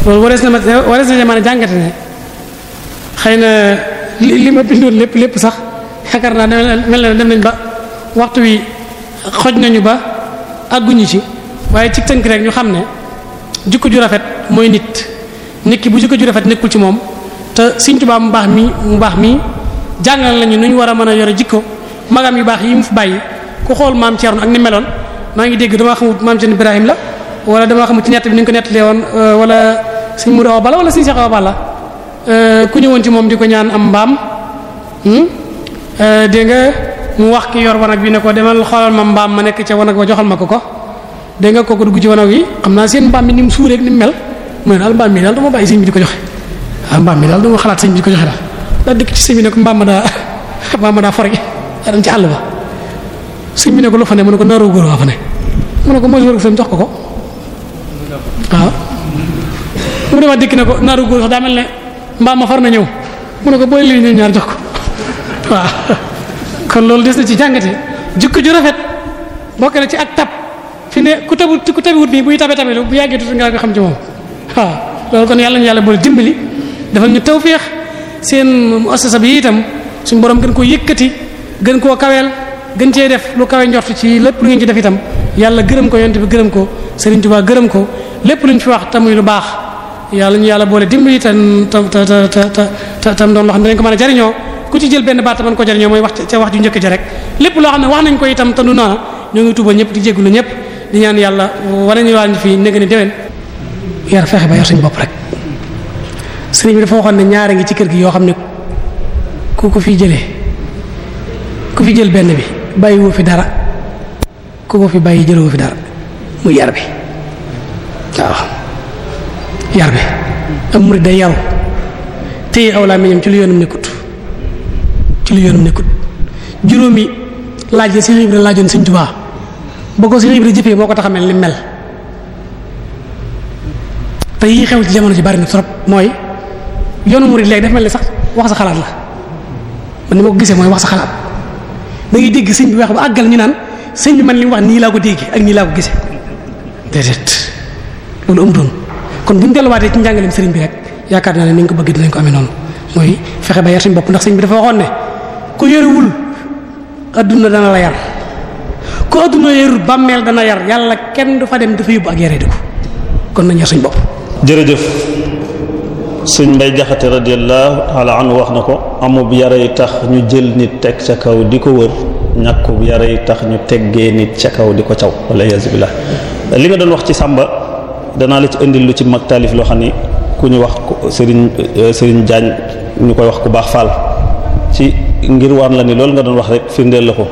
loolu warees na ma warees na jamono jàngate ne xëy na li li ma bindoon lépp lépp sax xakar naa mel na dem nañ ba waxtu wi xoj nañu ba àgguñu ci waaye ci tënk rek ñu xam ne jikko ju rafet mooy nit nit ki bu jikko ju rafet nekkul ci moom te Sëriñ Tuubaa mu baax mi mu baax mi jàngal nañu nu ñu war a mën a yore jikko magam yu baax yi mu fi bàyyi ku xool maam Thierno ak ni meloon maa ngi dégg damaa xamut maam Thierno Ibrahim la wala damaa xamut ci nett bi ni ko nettalee woon euh, wala Sëriñ Modou Awa Balla wala Sëriñ Cheikh Awa Balla euh, ku ñëwoon ci moom di ko ñaan am mbaam hmm? euh, dégg nga mu wax ki yor wanag bi ne ko demal xoolal ma mbaam ma nekk ca wanag ba joxal ma ko ko dégg nga kooku dugg ci wanag yi xam naa seen mbaam mi ni mu suuree ak ni mu mel mooy daal mbaam mi daal dama bàyyi sëñ bi di ko joxe. ah mbaam mi daal doo xalaat sëñ bi ko joxe daal daal dëkk ci sëñ bi ne ko mbaam ma daa [LAUGHS] ci àll ba sëñ bi ne ko lu fa ne mu ne ko naaroo góor waa jox ko ko waaw mu demaat dikk ne ko naaroo góor sax daa mel ne mbaam ma far na ñëw mu ne ko booy lii ñu ñaar jox ko [LAUGHS] waaw kon loolu des na ci jàngate jikko ju rafet bokk na ci ak tab fi ne ku tabu ku tabiwut nii buy tabe tabe bu yàggee tuuti nga ko xam ci moom waaw loolu kon yàlla ñu yàlla boole dimbali dafa ñu tawféex seen muassasa bi itam suñ borom gën koo yëkkati gën koo kaweel gën cee def lu kawe njort ci lépp lu ngeen ci def itam yàlla gërëm ko yonent bi gërëm ko Serigne Touba gërëm ko lépp luñ fi wax tam tamuy lu baax yàlla ñu yàlla boole dimbali tam tam ta ta ta tam doon loo xam ne dañ ko man a jariñoo ku ci jël benn baat man ko jariñoo mooy wax ca wax ju njëkk ja rek lépp loo xam ne wax nañ ko itam tandu naa ñoo ngi tuubal ñëpp di la ñëpp di ñaan yàlla wala ñu waa fi nekk ni déwén yar fexe ba yor suñu bopp rek sëriñ bi dafa waxoon ne ñaara ngi ci kër gi yoo xam ne ku ko fi jëlee ku fi jël benn bi bàyyi fi dara ku fi bàyyi jëloo fi dara mu yar bi waaw yar bi am murid day yaru téye aw làmmiñam ci lu yoonam nekkut ci lu yoonam nekkut juróomi laaj la Sëriñ Ibra laajoon Sëriñ ko Sëriñ Ibra jëfee tax a mel ni mel te yi xew ci jamono ji bari na trop mooy yoonu murid léegi daf mel ni sax wax sa xalaat la man ni ma ko gisee mooy wax sa xalaat da ngi dégg sëñ bi weex ba àggal ñu naan sëñ bi man li mu wax nii laa ko déggee ak nii laa ko gisee déedéet loolu doon kon bu ñu delluwaatee ci njàngaleem sëriñ bi rek yaakaar naa ne ni nga ko bëgg dinañ ko amee noonu mooy fexe ba yar suñ bopp ndax sëñ bi dafa waxoon ne ku yërewul adduna dana la yar ku adduna yërul bàmmeel dana yar yàlla kenn du fa dem dafa yóbbu ak yaree di kon nañ yar suñ bopp jërëjëf sëñ Mbay Jaxate radiyallahu taala anhu wax na ko amub yara yi tax ñu jël nit teg ca kaw di ko wër ñàkkub yara yi tax ñu teggee nit ca kaw di ko caw wala bi billah li nga doon wax ci sàmba danaa la ci indil lu ci mag taalif loo xam ni ku ñu wax sëriñ euh, sëriñ Jaañ ñu koy wax ku baax faal ci ngir waan la ni loolu nga doon wax rek firndeel la ko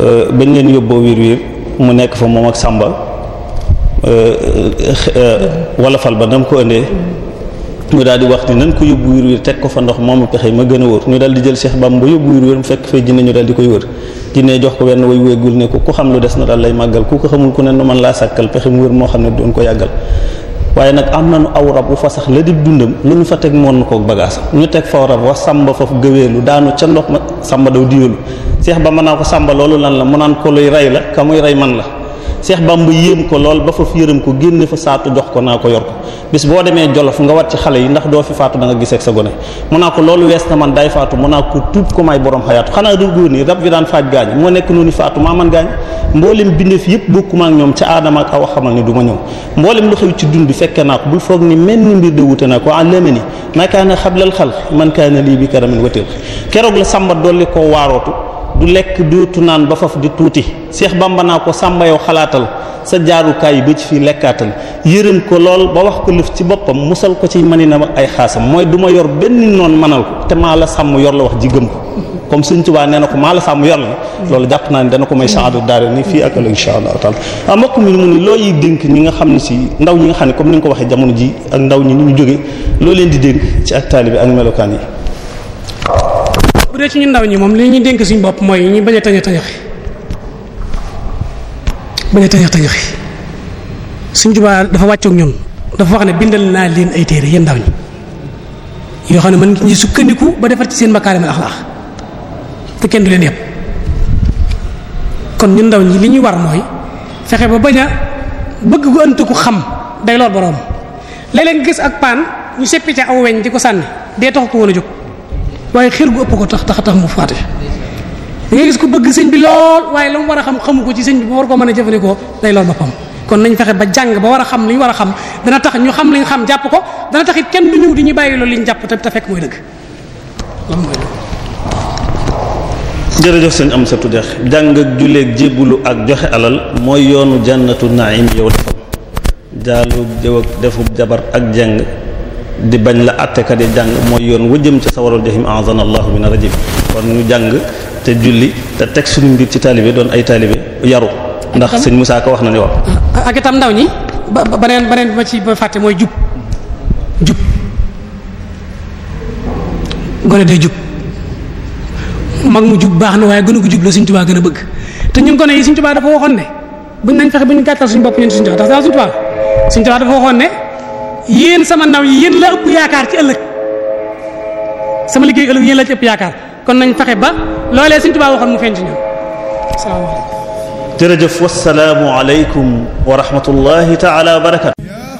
euh, bañ leen yóbboo wiir wiir mu nekk fa moom ak sàmba euh, wala fal ba nam ko indee ñu daal di wax ni nan ko yóbbu wér wér teg ko fa ndox moomu pexe ma gën a wóor ñu daal jël Cheikh Bamba yóbbu wér wér mu fekk fay jinne ñu daal koy wër jinne jox ko wenn way ne ko ku xam lu des na daal lay màggal ku ko xamul ku ne nu man laa sàkkal pexe mu wër moo xam ne doon ko yàggal waaye nag am nañu aw rab bu fa sax la dib dundam lu ñu fa teg moon na kook bagaasam ñu teg faw rab wax sàmba fa gëweelu daanu ca ndox ma sàmba daw diwélu Cheikh la mu naan ko luy la ka muy la Seex Bàmba yéem ko lool ba fa yërëm ko génne fa saatu jox ko naa ko yor ko bis boo demee Jolof nga wat ci xale yi ndax doo fi faatu da nga gisee ak sa gone mu naa ko loolu wees na man day faatu mu naa ko tuub ko may borom xayaatu xanaa doo góor nii rab bi daan faaj gaañ moo nekk noonu faatu maa man gaañ mboolem bindeef yëpp bokkuma ak ñoom ca aadama ak awa xamal ni du ma ñëw mboolem lu xew ci dund fekke naa ko bul foog ni mel ni mbir de wute naa ko àllame ni makaana xablal xal man kaana lii bi karamin watil keroog du lekk duutu naan ba faf di tuuti Seex Bàmba naa ko sàmba yow xalaatal sa jaarukaay yi ba ci fi lekkaatal yërëm ko lool ba wax ko lëf ci boppam musal ko ci mani na ay xaasam mooy du ma yor benn noon manal ko te maa la sàmm yor la wax ji gëm ko comme suñ Tuubaa nee na ko maa la sàmm yor la loolu jàpp naa ne dana ko may saadu daara ni fii ak insha Allah taala ah mbokk mi mu ne loo yi dénk ñi nga xam ne si ndaw ñi nga xam ne comme ni nga ko waxee jamono ji ak ndaw ñi ni ñu jógee loo leen di dénk ci ak taalibe ak melokaan yi bu dee ci ñu ndaw ñi moom li ñuy dénk suñu bopp mooy ñu bañ a taña tañaxi bañ a tañax tañaxi suñ jubaa dafa wàccook ñun dafa wax ne bindal naa leen ay téere yéen ndaw ñi yoo xam ne mën ngi sukkandiku ba defar ci seen makaarimal axlaax te kenn du leen yëpp kon ñu ndaw ñi li ñuy war mooy fexe ba bañ a bëgg gu ënt ku xam day lool boroom léeg-léeg gis ak paan ñu seppi ca aw weñ di ko sànni dee tax ko woon a jóg waaye xër gu ëpp ko tax tax tax mu faate da ngay gis ko bëgg sëñ bi lool waaye la mu war a xam xamu ko ci sëñ bi ba war koo mën a jëfandikoo day lor boppam kon nañ fexe ba jàng ba war a xam li ñu war a xam dana tax ñu xam li ñu xam jàpp ko dana tax it kenn du ñëw di ñu bàyyi loolu li jàpp te te fekk mooy dëgg lan mooy jërëjëf am sa tuddeex jàng ak julleeg jébbulu ak joxe alal mooy yoonu jannatu naim yow defam jaalub jëw ak defub jabar ak jàng di bañ la àttekat yi jàng mooy yoon wu jëm ci sawarul jahim azana allahu na rajim kon ñu jàng te julli te teg suñu mbir ci taalibe doon ay taalibe yaru ndax sëñ Moussa ko wax na ni waaw ah, ak itam ndaw ñi ba baneen baneen bi ma ci ba fàtte mooy jub jub gone day jub mag mu jub baax na waaye gën a ko jub la Sëriñ Tuubaa gën a bëgg te ñun gone yi Sëriñ Tuubaa dafa waxoon ne buñ nañ fexe bu ñu gàttal suñu bopp ñun Sëriñ Tuubaa ndax dafa waxoon ne yéen sama ndaw yi yéen la ëpp yaakaar ci ëllëg sama liggéey ëllëg yéen la ci ëpp yaakaar kon nañ fexe ba loolee Sëriñ Tuubaa waxoon mu feeñ ci ñoom salaamaaleykum jërëjëf wasalaamu aleykum wa rahmatullahi taala wa barakatu